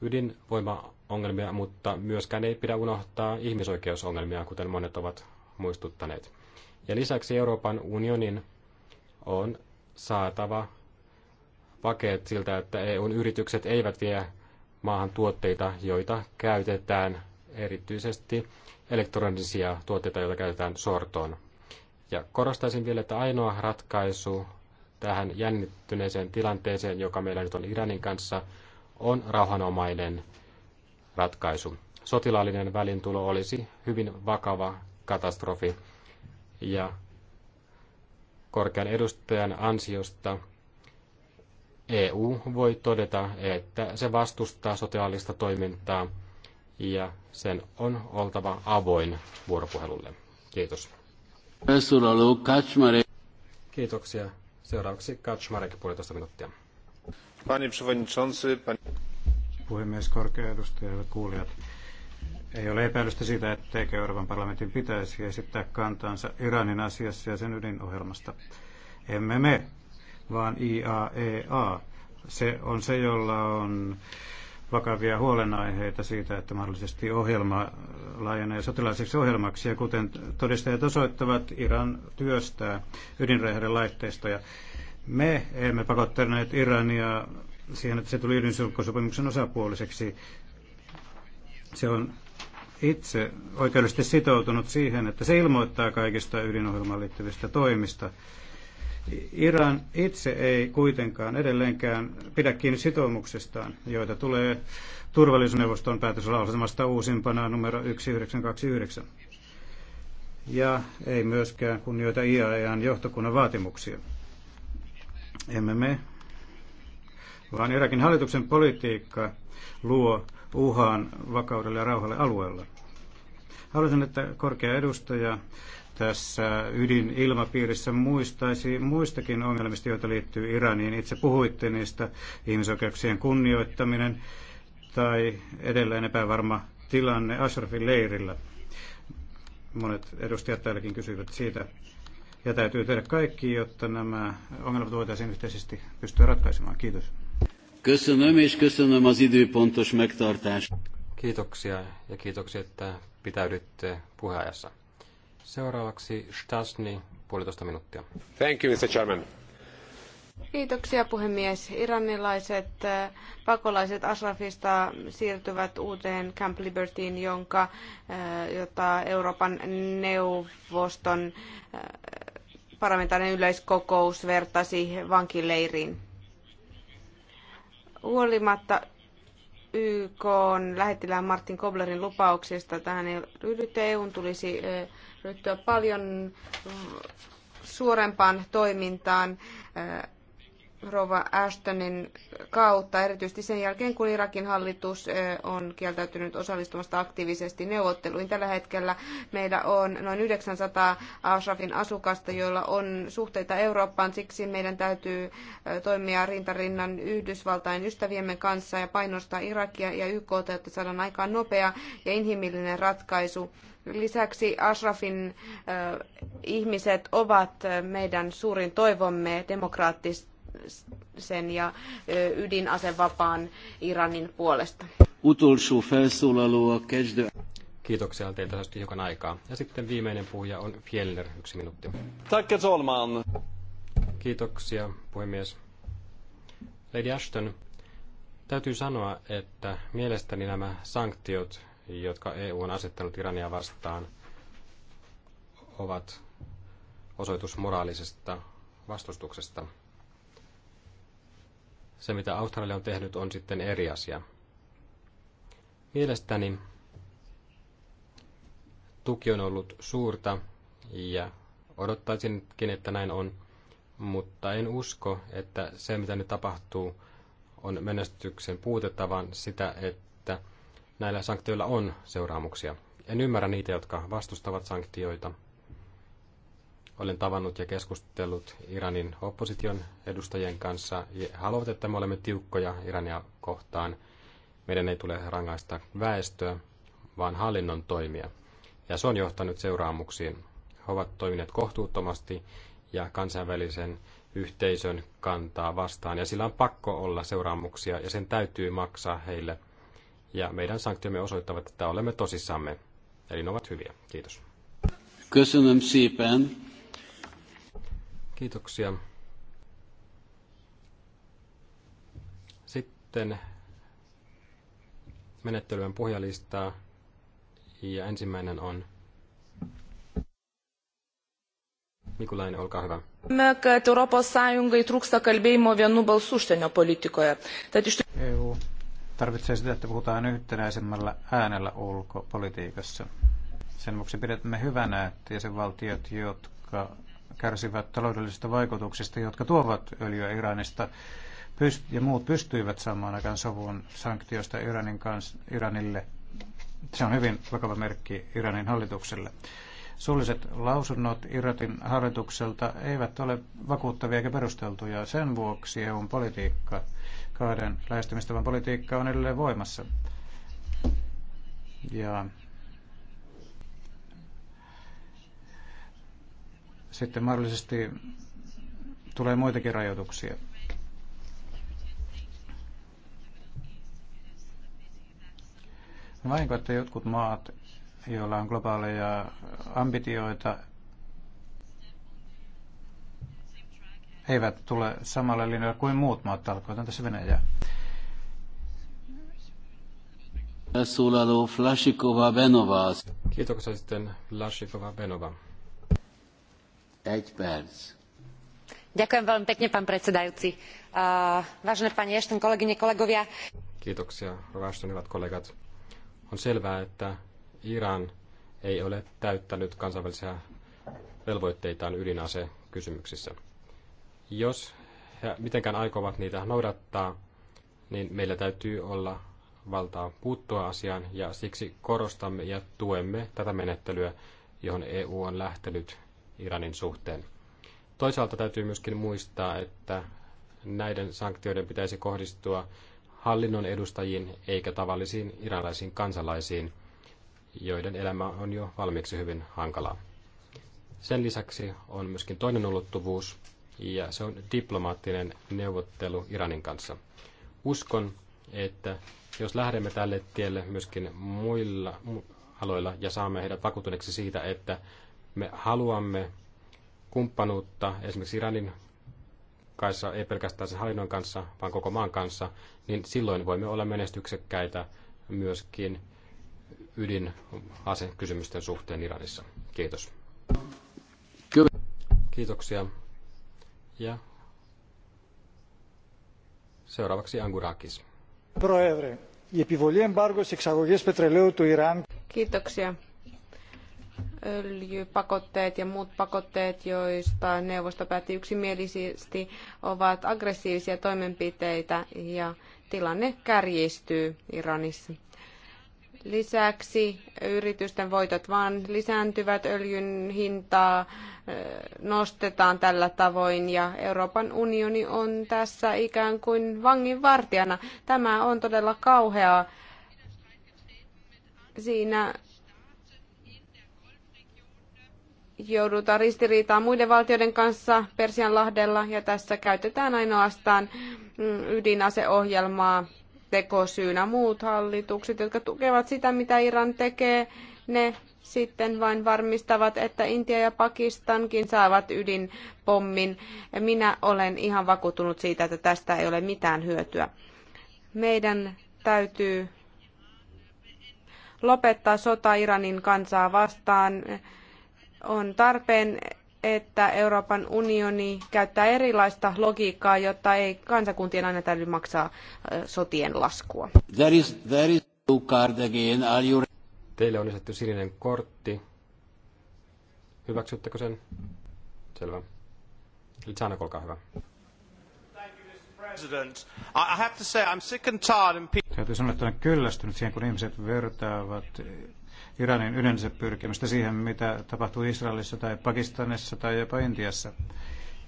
[SPEAKER 4] ydinvoimaongelmia, mutta myöskään ei pidä unohtaa ihmisoikeusongelmia, kuten monet ovat muistuttaneet. Ja lisäksi Euroopan unionin on saatava vakeet siltä, että EUn yritykset eivät vie maahan tuotteita, joita käytetään erityisesti elektronisia tuotteita, joita käytetään sortoon. Ja korostaisin vielä, että ainoa ratkaisu tähän jännittyneeseen tilanteeseen, joka meillä nyt on Iranin kanssa, on rauhanomainen ratkaisu. Sotilaallinen välintulo olisi hyvin vakava katastrofi ja korkean edustajan ansiosta EU voi todeta, että se vastustaa sotilaallista toimintaa ja sen on oltava avoin vuoropuhelulle. Kiitos. Kiitoksia. Seuraavaksi Kaczmarek, puolitoista minuuttia. Panie przewodniczący, panie...
[SPEAKER 2] Puhemies, korkea edustaja ja kuulijat. Ei ole epäilystä siitä, etteikö Euroopan parlamentin pitäisi esittää kantaansa Iranin asiassa ja sen ydinohjelmasta. Emme me, vaan IAEA. E se on se, jolla on vakavia huolenaiheita siitä, että mahdollisesti ohjelma laajenee sotilaiseksi ohjelmaksi. Ja kuten todistajat osoittavat, Iran työstää ydinräjähden laitteistoja. Me emme pakottaneet Irania siihen, että se tuli ydinsulkosopimuksen osapuoliseksi. Se on itse oikeudellisesti sitoutunut siihen, että se ilmoittaa kaikista ydinohjelmaan liittyvistä toimista Iran itse ei kuitenkaan edelleenkään pidä kiinni sitoumuksestaan, joita tulee turvallisuusneuvoston päätöslauselmasta uusimpana numero 1929. Ja ei myöskään kunnioita IAEAn johtokunnan vaatimuksia. Emme me, vaan Irakin hallituksen politiikka luo uhan vakaudelle ja rauhalle alueella. Haluaisin, että korkea edustaja tässä ydinilmapiirissä muistaisi muistakin ongelmista, joita liittyy Iraniin. Itse puhuitte niistä, ihmisoikeuksien kunnioittaminen tai edelleen epävarma tilanne Ashrafin leirillä. Monet edustajat täälläkin kysyivät siitä. Ja täytyy tehdä kaikki, jotta nämä ongelmat voitaisiin yhteisesti pystyä ratkaisemaan. Kiitos.
[SPEAKER 5] Kiitoksia ja kiitoksia, että pitäydytte
[SPEAKER 4] puheajassa. Seuraavaksi Stasni puolitoista minuuttia.
[SPEAKER 5] Thank you, Mr. Chairman.
[SPEAKER 1] Kiitoksia puhemies. Iranilaiset äh, pakolaiset Asrafista siirtyvät uuteen Camp Libertyin, jonka, äh, jota Euroopan neuvoston äh, parlamentaarinen yleiskokous vertasi vankileiriin. Huolimatta YK lähettilään Martin Koblerin lupauksesta tähän ryhdytty, EUn tulisi ryhtyä paljon suorempaan toimintaan eh, Rova Ashtonin kautta, erityisesti sen jälkeen, kun Irakin hallitus eh, on kieltäytynyt osallistumasta aktiivisesti neuvotteluihin. Tällä hetkellä meillä on noin 900 Ashrafin asukasta, joilla on suhteita Eurooppaan. Siksi meidän täytyy eh, toimia rintarinnan Yhdysvaltain ystäviemme kanssa ja painostaa Irakia ja YK, jotta saadaan aikaan nopea ja inhimillinen ratkaisu Lisäksi Ashrafin ihmiset ovat meidän suurin toivomme demokraattisen ja ydinasevapaan Iranin
[SPEAKER 4] puolesta.
[SPEAKER 5] Kiitoksia teiltä tästä hiukan
[SPEAKER 4] aikaa. Ja sitten viimeinen puhuja on Fjellner, yksi minuutti. Tack talman. Kiitoksia, puhemies. Lady Ashton, täytyy sanoa, että mielestäni nämä sanktiot, jotka EU on asettanut Irania vastaan, ovat osoitus moraalisesta vastustuksesta. Se, mitä Australia on tehnyt, on sitten eri asia. Mielestäni tuki on ollut suurta ja odottaisinkin, että näin on, mutta en usko, että se, mitä nyt tapahtuu, on menestyksen puutetta, vaan sitä, että näillä sanktioilla on seuraamuksia. En ymmärrä niitä, jotka vastustavat sanktioita. Olen tavannut ja keskustellut Iranin opposition edustajien kanssa. He haluavat, että me olemme tiukkoja Irania kohtaan. Meidän ei tule rangaista väestöä, vaan hallinnon toimia. Ja se on johtanut seuraamuksiin. He ovat toimineet kohtuuttomasti ja kansainvälisen yhteisön kantaa vastaan. Ja sillä on pakko olla seuraamuksia ja sen täytyy maksaa heille ja meidän sanktiomme osoittavat, että olemme tosissamme. Eli ne ovat hyviä.
[SPEAKER 5] Kiitos. Köszönöm szépen. Kiitoksia. Sitten
[SPEAKER 4] menettelyjen puhujalistaa. Ja ensimmäinen on Mikulainen, olkaa hyvä.
[SPEAKER 1] kad Europos
[SPEAKER 2] EU tarvitsee sitä, että puhutaan yhtenäisemmällä äänellä ulkopolitiikassa. Sen vuoksi pidämme hyvänä, että jäsenvaltiot, jotka kärsivät taloudellisista vaikutuksista, jotka tuovat öljyä Iranista, ja muut pystyivät saamaan aikaan sovun sanktioista Iranin kans, Iranille. Se on hyvin vakava merkki Iranin hallitukselle. Suulliset lausunnot Iranin hallitukselta eivät ole vakuuttavia eikä perusteltuja. Sen vuoksi EUn politiikka kahden lähestymistavan politiikka on edelleen voimassa. Ja sitten mahdollisesti tulee muitakin rajoituksia. Vahinko, että jotkut maat, joilla on globaaleja ambitioita, He eivät tule samalle linjalle kuin muut maat, tarkoitan tässä Venäjää.
[SPEAKER 5] Sulalu Flashikova Benova. Kiitoksia sitten
[SPEAKER 4] Flashikova Benova.
[SPEAKER 2] Ďakujem
[SPEAKER 1] veľmi pekne, pán predsedajúci. Uh, vážené pani Ešten, kolegyne, kolegovia.
[SPEAKER 4] Kiitoksia, Rovaston, hyvät kollegat. On selvää, että Iran ei ole täyttänyt kansainvälisiä velvoitteitaan ydinasekysymyksissä. Jos he mitenkään aikovat niitä noudattaa, niin meillä täytyy olla valtaa puuttua asiaan ja siksi korostamme ja tuemme tätä menettelyä, johon EU on lähtenyt Iranin suhteen. Toisaalta täytyy myöskin muistaa, että näiden sanktioiden pitäisi kohdistua hallinnon edustajiin eikä tavallisiin iranlaisiin kansalaisiin, joiden elämä on jo valmiiksi hyvin hankalaa. Sen lisäksi on myöskin toinen ulottuvuus, ja se on diplomaattinen neuvottelu Iranin kanssa. Uskon, että jos lähdemme tälle tielle myöskin muilla aloilla ja saamme heidät vakuutuneeksi siitä, että me haluamme kumppanuutta esimerkiksi Iranin kanssa, ei pelkästään sen hallinnon kanssa, vaan koko maan kanssa, niin silloin voimme olla menestyksekkäitä myöskin ydinasekysymysten suhteen Iranissa. Kiitos. Kiitoksia. Ja seuraavaksi Angurakis.
[SPEAKER 2] Proevre, η επιβολή εμπάργου πετρελαίου του Ιράν.
[SPEAKER 1] Kiitoksia. Öljypakotteet ja muut pakotteet, joista neuvosto päätti yksimielisesti, ovat aggressiivisia toimenpiteitä ja tilanne kärjistyy Iranissa. Lisäksi yritysten voitot vaan lisääntyvät, öljyn hintaa nostetaan tällä tavoin ja Euroopan unioni on tässä ikään kuin vanginvartijana. Tämä on todella kauheaa. Siinä joudutaan ristiriitaan muiden valtioiden kanssa Persianlahdella ja tässä käytetään ainoastaan mm, ydinaseohjelmaa tekosyynä. Muut hallitukset, jotka tukevat sitä, mitä Iran tekee, ne sitten vain varmistavat, että Intia ja Pakistankin saavat ydinpommin. Minä olen ihan vakuutunut siitä, että tästä ei ole mitään hyötyä. Meidän täytyy lopettaa sota Iranin kansaa vastaan. On tarpeen että Euroopan unioni käyttää erilaista logiikkaa, jotta ei kansakuntien aina täytyy maksaa sotien laskua.
[SPEAKER 5] There is, there is you... Teille on lisätty sininen kortti.
[SPEAKER 4] Hyväksyttekö sen? Selvä. Eli Tsanak, olkaa hyvä.
[SPEAKER 2] Täytyy sanoa, että olen kyllästynyt siihen, kun ihmiset vertaavat Iranin yleensä pyrkimystä siihen, mitä tapahtuu Israelissa tai Pakistanissa tai jopa Intiassa.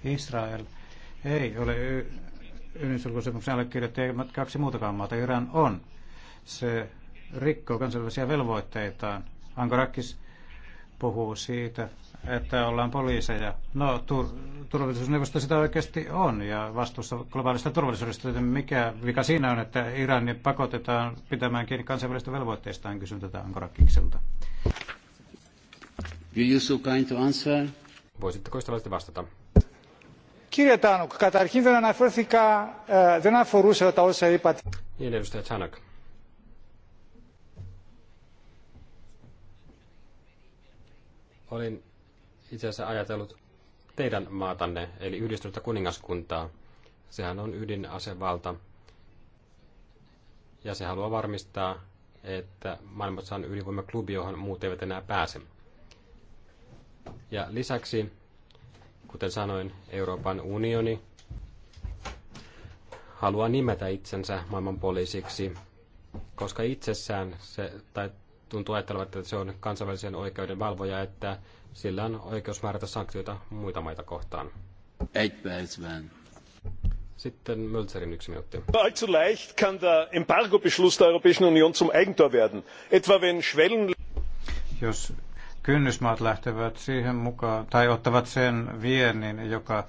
[SPEAKER 2] Israel ei ole ydinsulkusopimuksen allekirjoittaja kaksi muutakaan maata. Iran on. Se rikkoo kansainvälisiä velvoitteitaan. Ankarakis puhuu siitä, että ollaan poliiseja. No, tur- turvallisuusneuvosto sitä oikeasti on ja vastuussa globaalista turvallisuudesta, joten mikä vika siinä on, että Iran pakotetaan pitämään kiinni kansainvälistä velvoitteistaan, kysyn tätä Ankorakikselta.
[SPEAKER 5] You Voisitteko ystävällisesti vastata?
[SPEAKER 2] Κύριε Τάνοκ, καταρχήν δεν αναφέρθηκα, ε, δεν αφορούσε τα όσα είπατε.
[SPEAKER 4] Niin, edustaja Tanak. Olin itse asiassa ajatellut teidän maatanne, eli yhdistynyttä kuningaskuntaa. Sehän on ydinasevalta, ja se haluaa varmistaa, että maailmassa on ydinvoimaklubi, johon muut eivät enää pääse. Ja lisäksi, kuten sanoin, Euroopan unioni haluaa nimetä itsensä maailman poliisiksi, koska itsessään se, tai tuntuu ajattelevan, että se on kansainvälisen oikeuden valvoja, että sillä on oikeus määrätä sanktioita muita maita kohtaan. Sitten Mölzerin yksi minuutti.
[SPEAKER 2] Allzu leicht kann der Embargo-Beschluss der Europäischen Union zum Eigentor werden. Etwa wenn Schwellen... Jos kynnysmaat lähtevät siihen mukaan, tai ottavat sen viennin, joka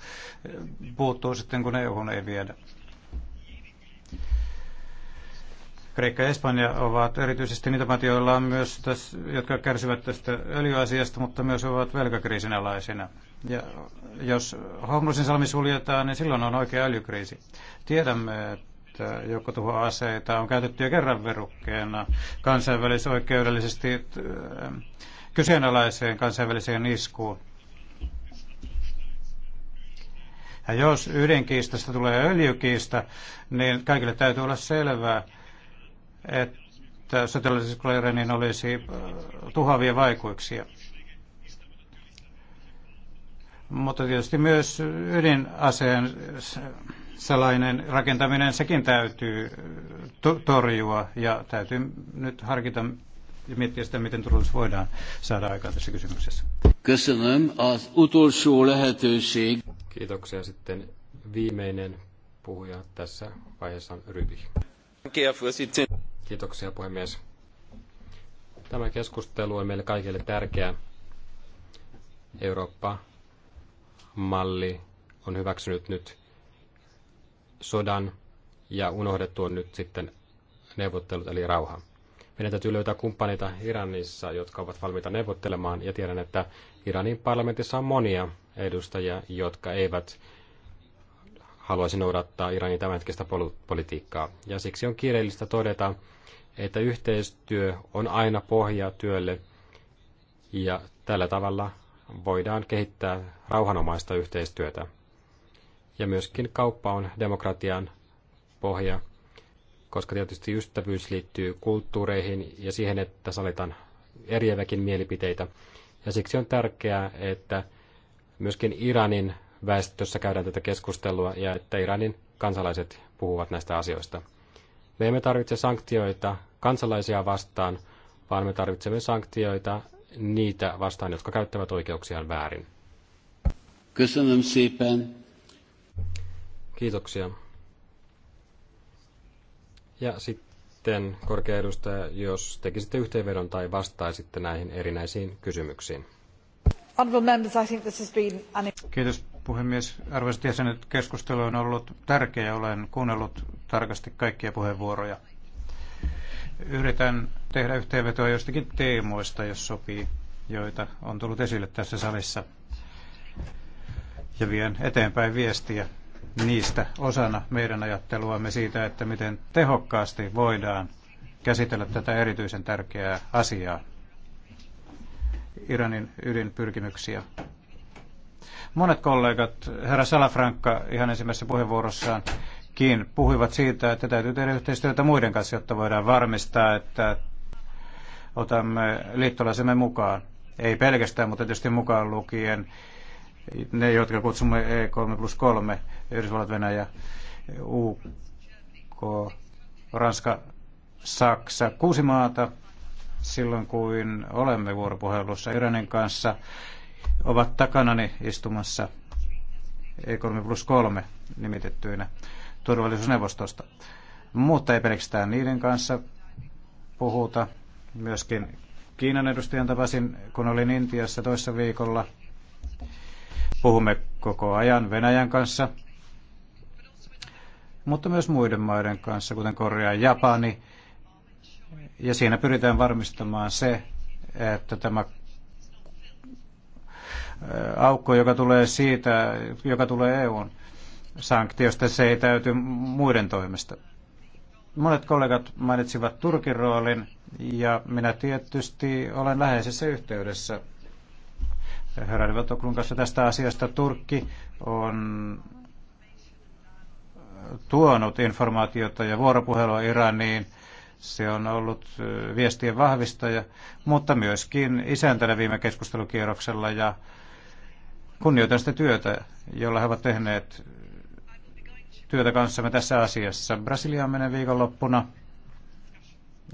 [SPEAKER 2] puuttuu sitten, kun EU ei viedä. Kreikka ja Espanja ovat erityisesti niitä maita, joilla on myös tässä, jotka kärsivät tästä öljyasiasta, mutta myös ovat velkakriisin alaisina. Ja jos Hormuzin salmi suljetaan, niin silloin on oikea öljykriisi. Tiedämme, että joukkotuhoaseita on käytetty jo kerran verukkeena kansainvälisoikeudellisesti ähm, kyseenalaiseen kansainväliseen iskuun. Ja jos yhden kiistasta tulee öljykiista, niin kaikille täytyy olla selvää, että sotilasklairenin olisi äh, tuhavia vaikutuksia. Mutta tietysti myös ydinaseen salainen rakentaminen, sekin täytyy äh, torjua ja täytyy nyt harkita ja miettiä sitä, miten turvallisuus voidaan saada aikaan tässä kysymyksessä.
[SPEAKER 5] Kiitoksia sitten viimeinen puhuja tässä vaiheessa on Ryby.
[SPEAKER 4] Kiitoksia puhemies. Tämä keskustelu on meille kaikille tärkeä. Eurooppa-malli on hyväksynyt nyt sodan ja unohdettu on nyt sitten neuvottelut eli rauha. Meidän täytyy löytää kumppaneita Iranissa, jotka ovat valmiita neuvottelemaan ja tiedän, että Iranin parlamentissa on monia edustajia, jotka eivät haluaisi noudattaa Iranin tämänhetkistä politiikkaa. Ja siksi on kiireellistä todeta, että yhteistyö on aina pohja työlle ja tällä tavalla voidaan kehittää rauhanomaista yhteistyötä. Ja myöskin kauppa on demokratian pohja, koska tietysti ystävyys liittyy kulttuureihin ja siihen, että salitaan eriäväkin mielipiteitä. Ja siksi on tärkeää, että myöskin Iranin väestössä käydään tätä keskustelua ja että Iranin kansalaiset puhuvat näistä asioista. Me emme tarvitse sanktioita kansalaisia vastaan, vaan me tarvitsemme sanktioita niitä vastaan,
[SPEAKER 5] jotka käyttävät oikeuksiaan väärin. Kiitoksia. Ja sitten
[SPEAKER 4] korkea edustaja, jos tekisitte yhteenvedon tai vastaisitte näihin erinäisiin kysymyksiin.
[SPEAKER 2] Kiitos puhemies. Arvoisat jäsenet, keskustelu on ollut tärkeä. Olen kuunnellut tarkasti kaikkia puheenvuoroja. Yritän tehdä yhteenvetoa jostakin teemoista, jos sopii, joita on tullut esille tässä salissa. Ja vien eteenpäin viestiä niistä osana meidän ajatteluamme siitä, että miten tehokkaasti voidaan käsitellä tätä erityisen tärkeää asiaa, Iranin ydinpyrkimyksiä Monet kollegat, herra Salafranka ihan ensimmäisessä puheenvuorossaan, Kiin puhuivat siitä, että täytyy tehdä yhteistyötä muiden kanssa, jotta voidaan varmistaa, että otamme liittolaisemme mukaan. Ei pelkästään, mutta tietysti mukaan lukien ne, jotka kutsumme E3 plus 3, Yhdysvallat, Venäjä, UK, Ranska, Saksa, kuusi maata silloin, kun olemme vuoropuhelussa Iranin kanssa ovat takanani istumassa E3 plus 3 nimitettyinä turvallisuusneuvostosta. Mutta ei pelkästään niiden kanssa puhuta. Myöskin Kiinan edustajan tapasin, kun olin Intiassa toissa viikolla. Puhumme koko ajan Venäjän kanssa, mutta myös muiden maiden kanssa, kuten Korea ja Japani. Ja siinä pyritään varmistamaan se, että tämä aukko, joka tulee siitä, joka tulee EUn sanktiosta, se ei täyty muiden toimesta. Monet kollegat mainitsivat Turkin roolin ja minä tietysti olen läheisessä yhteydessä herra Rivatoklun kanssa tästä asiasta. Turkki on tuonut informaatiota ja vuoropuhelua Iraniin. Se on ollut viestien vahvistaja, mutta myöskin isäntänä viime keskustelukierroksella ja Kunnioitan sitä työtä, jolla he ovat tehneet työtä kanssamme tässä asiassa. Brasiliaan menen viikonloppuna.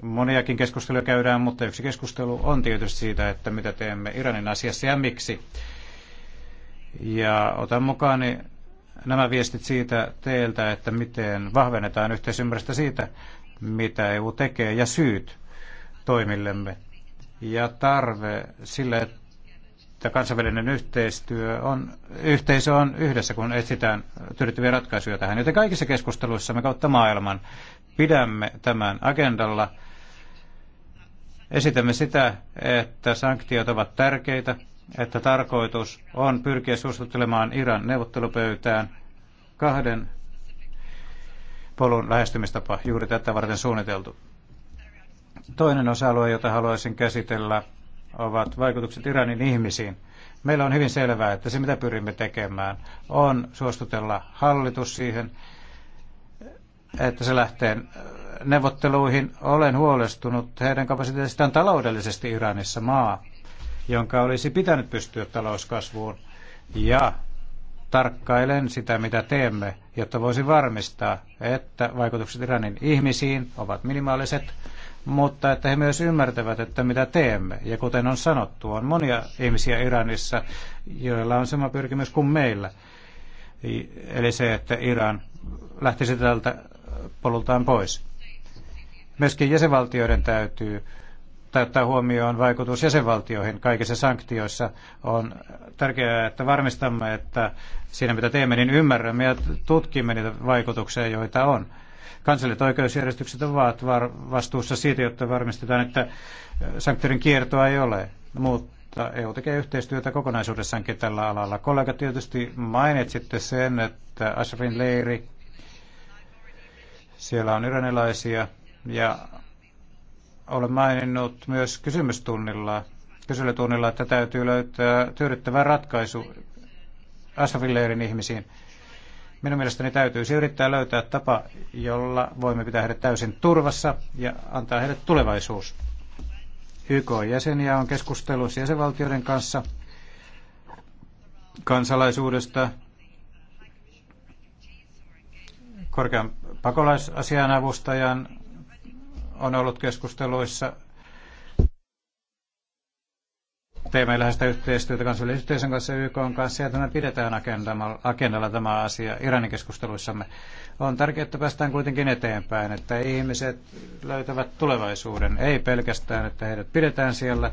[SPEAKER 2] Moniakin keskusteluja käydään, mutta yksi keskustelu on tietysti siitä, että mitä teemme Iranin asiassa ja miksi. Ja otan mukaan nämä viestit siitä teiltä, että miten vahvennetaan yhteisymmärrystä siitä, mitä EU tekee ja syyt toimillemme. Ja tarve sille, että että kansainvälinen yhteistyö on, yhteisö on yhdessä, kun etsitään tyydyttäviä ratkaisuja tähän. Joten kaikissa keskusteluissa me kautta maailman pidämme tämän agendalla. Esitämme sitä, että sanktiot ovat tärkeitä, että tarkoitus on pyrkiä suostuttelemaan Iran neuvottelupöytään kahden polun lähestymistapa juuri tätä varten suunniteltu. Toinen osa-alue, jota haluaisin käsitellä, ovat vaikutukset Iranin ihmisiin. Meillä on hyvin selvää, että se mitä pyrimme tekemään on suostutella hallitus siihen, että se lähtee neuvotteluihin. Olen huolestunut heidän kapasiteetistaan taloudellisesti Iranissa maa, jonka olisi pitänyt pystyä talouskasvuun. Ja tarkkailen sitä, mitä teemme, jotta voisin varmistaa, että vaikutukset Iranin ihmisiin ovat minimaaliset mutta että he myös ymmärtävät, että mitä teemme. Ja kuten on sanottu, on monia ihmisiä Iranissa, joilla on sama pyrkimys kuin meillä. Eli se, että Iran lähtisi tältä polultaan pois. Myöskin jäsenvaltioiden täytyy täyttää huomioon vaikutus jäsenvaltioihin kaikissa sanktioissa. On tärkeää, että varmistamme, että siinä mitä teemme, niin ymmärrämme ja tutkimme niitä vaikutuksia, joita on. Kansalliset oikeusjärjestykset ovat vastuussa siitä, jotta varmistetaan, että äh, sanktioiden kiertoa ei ole. Mutta EU tekee yhteistyötä kokonaisuudessaankin tällä alalla. Kollega tietysti mainitsitte sen, että Ashrafin leiri, siellä on iranilaisia ja olen maininnut myös kysymystunnilla, kyselytunnilla, että täytyy löytää tyydyttävä ratkaisu Ashrafin leirin ihmisiin. Minun mielestäni täytyisi yrittää löytää tapa, jolla voimme pitää heidät täysin turvassa ja antaa heille tulevaisuus. YK-jäseniä on keskustellut jäsenvaltioiden kanssa kansalaisuudesta, korkean pakolaisasian avustajan on ollut keskusteluissa teemme läheistä yhteistyötä kansainvälisen yhteisön kanssa ja YK kanssa, ja tämä pidetään agendalla, agendalla tämä asia Iranin keskusteluissamme. On tärkeää, että päästään kuitenkin eteenpäin, että ihmiset löytävät tulevaisuuden, ei pelkästään, että heidät pidetään siellä,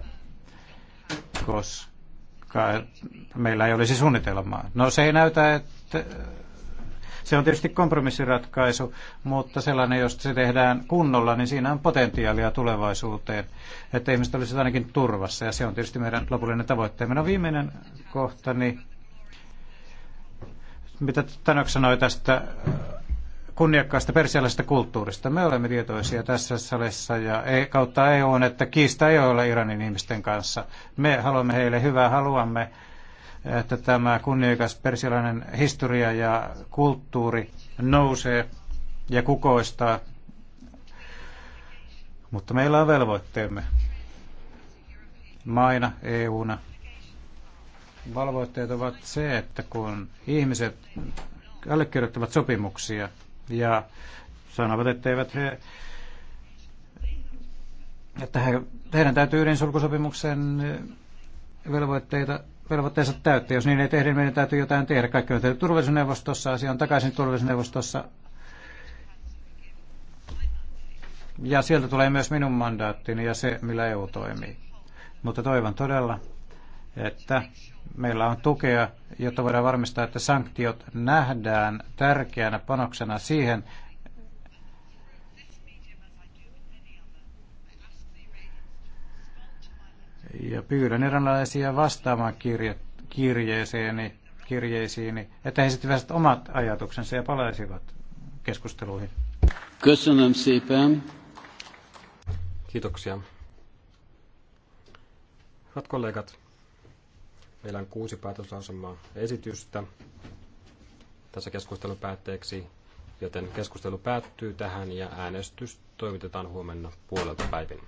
[SPEAKER 2] koska meillä ei olisi suunnitelmaa. No se ei näytä, että se on tietysti kompromissiratkaisu, mutta sellainen, jos se tehdään kunnolla, niin siinä on potentiaalia tulevaisuuteen, että ihmiset olisivat ainakin turvassa, ja se on tietysti meidän lopullinen tavoitteemme. No viimeinen kohta, niin mitä Tanok sanoi tästä kunniakkaasta persialaisesta kulttuurista. Me olemme tietoisia tässä salissa ja ei kautta EU, on, että kiista ei ole Iranin ihmisten kanssa. Me haluamme heille hyvää, haluamme että tämä kunniakas persialainen historia ja kulttuuri nousee ja kukoistaa. Mutta meillä on velvoitteemme maina, EUna. Valvoitteet ovat se, että kun ihmiset allekirjoittavat sopimuksia ja sanovat, että eivät he että he, heidän täytyy ydinsulkusopimuksen eh, velvoitteita velvoitteensa täyttä. Jos niin ei tehdä, niin meidän täytyy jotain tehdä. Kaikki on tehty turvallisuusneuvostossa, asia on takaisin turvallisuusneuvostossa. Ja sieltä tulee myös minun mandaattini ja se, millä EU toimii. Mutta toivon todella, että meillä on tukea, jotta voidaan varmistaa, että sanktiot nähdään tärkeänä panoksena siihen, Ja pyydän iranlaisia vastaamaan kirje, kirjeeseeni, kirjeisiini, että he esittivät omat ajatuksensa ja palaisivat keskusteluihin. Kiitoksia. Hyvät kollegat,
[SPEAKER 4] meillä on kuusi päätöslausumaa esitystä tässä keskustelun
[SPEAKER 5] päätteeksi, joten keskustelu päättyy tähän ja äänestys toimitetaan huomenna puolelta päivin.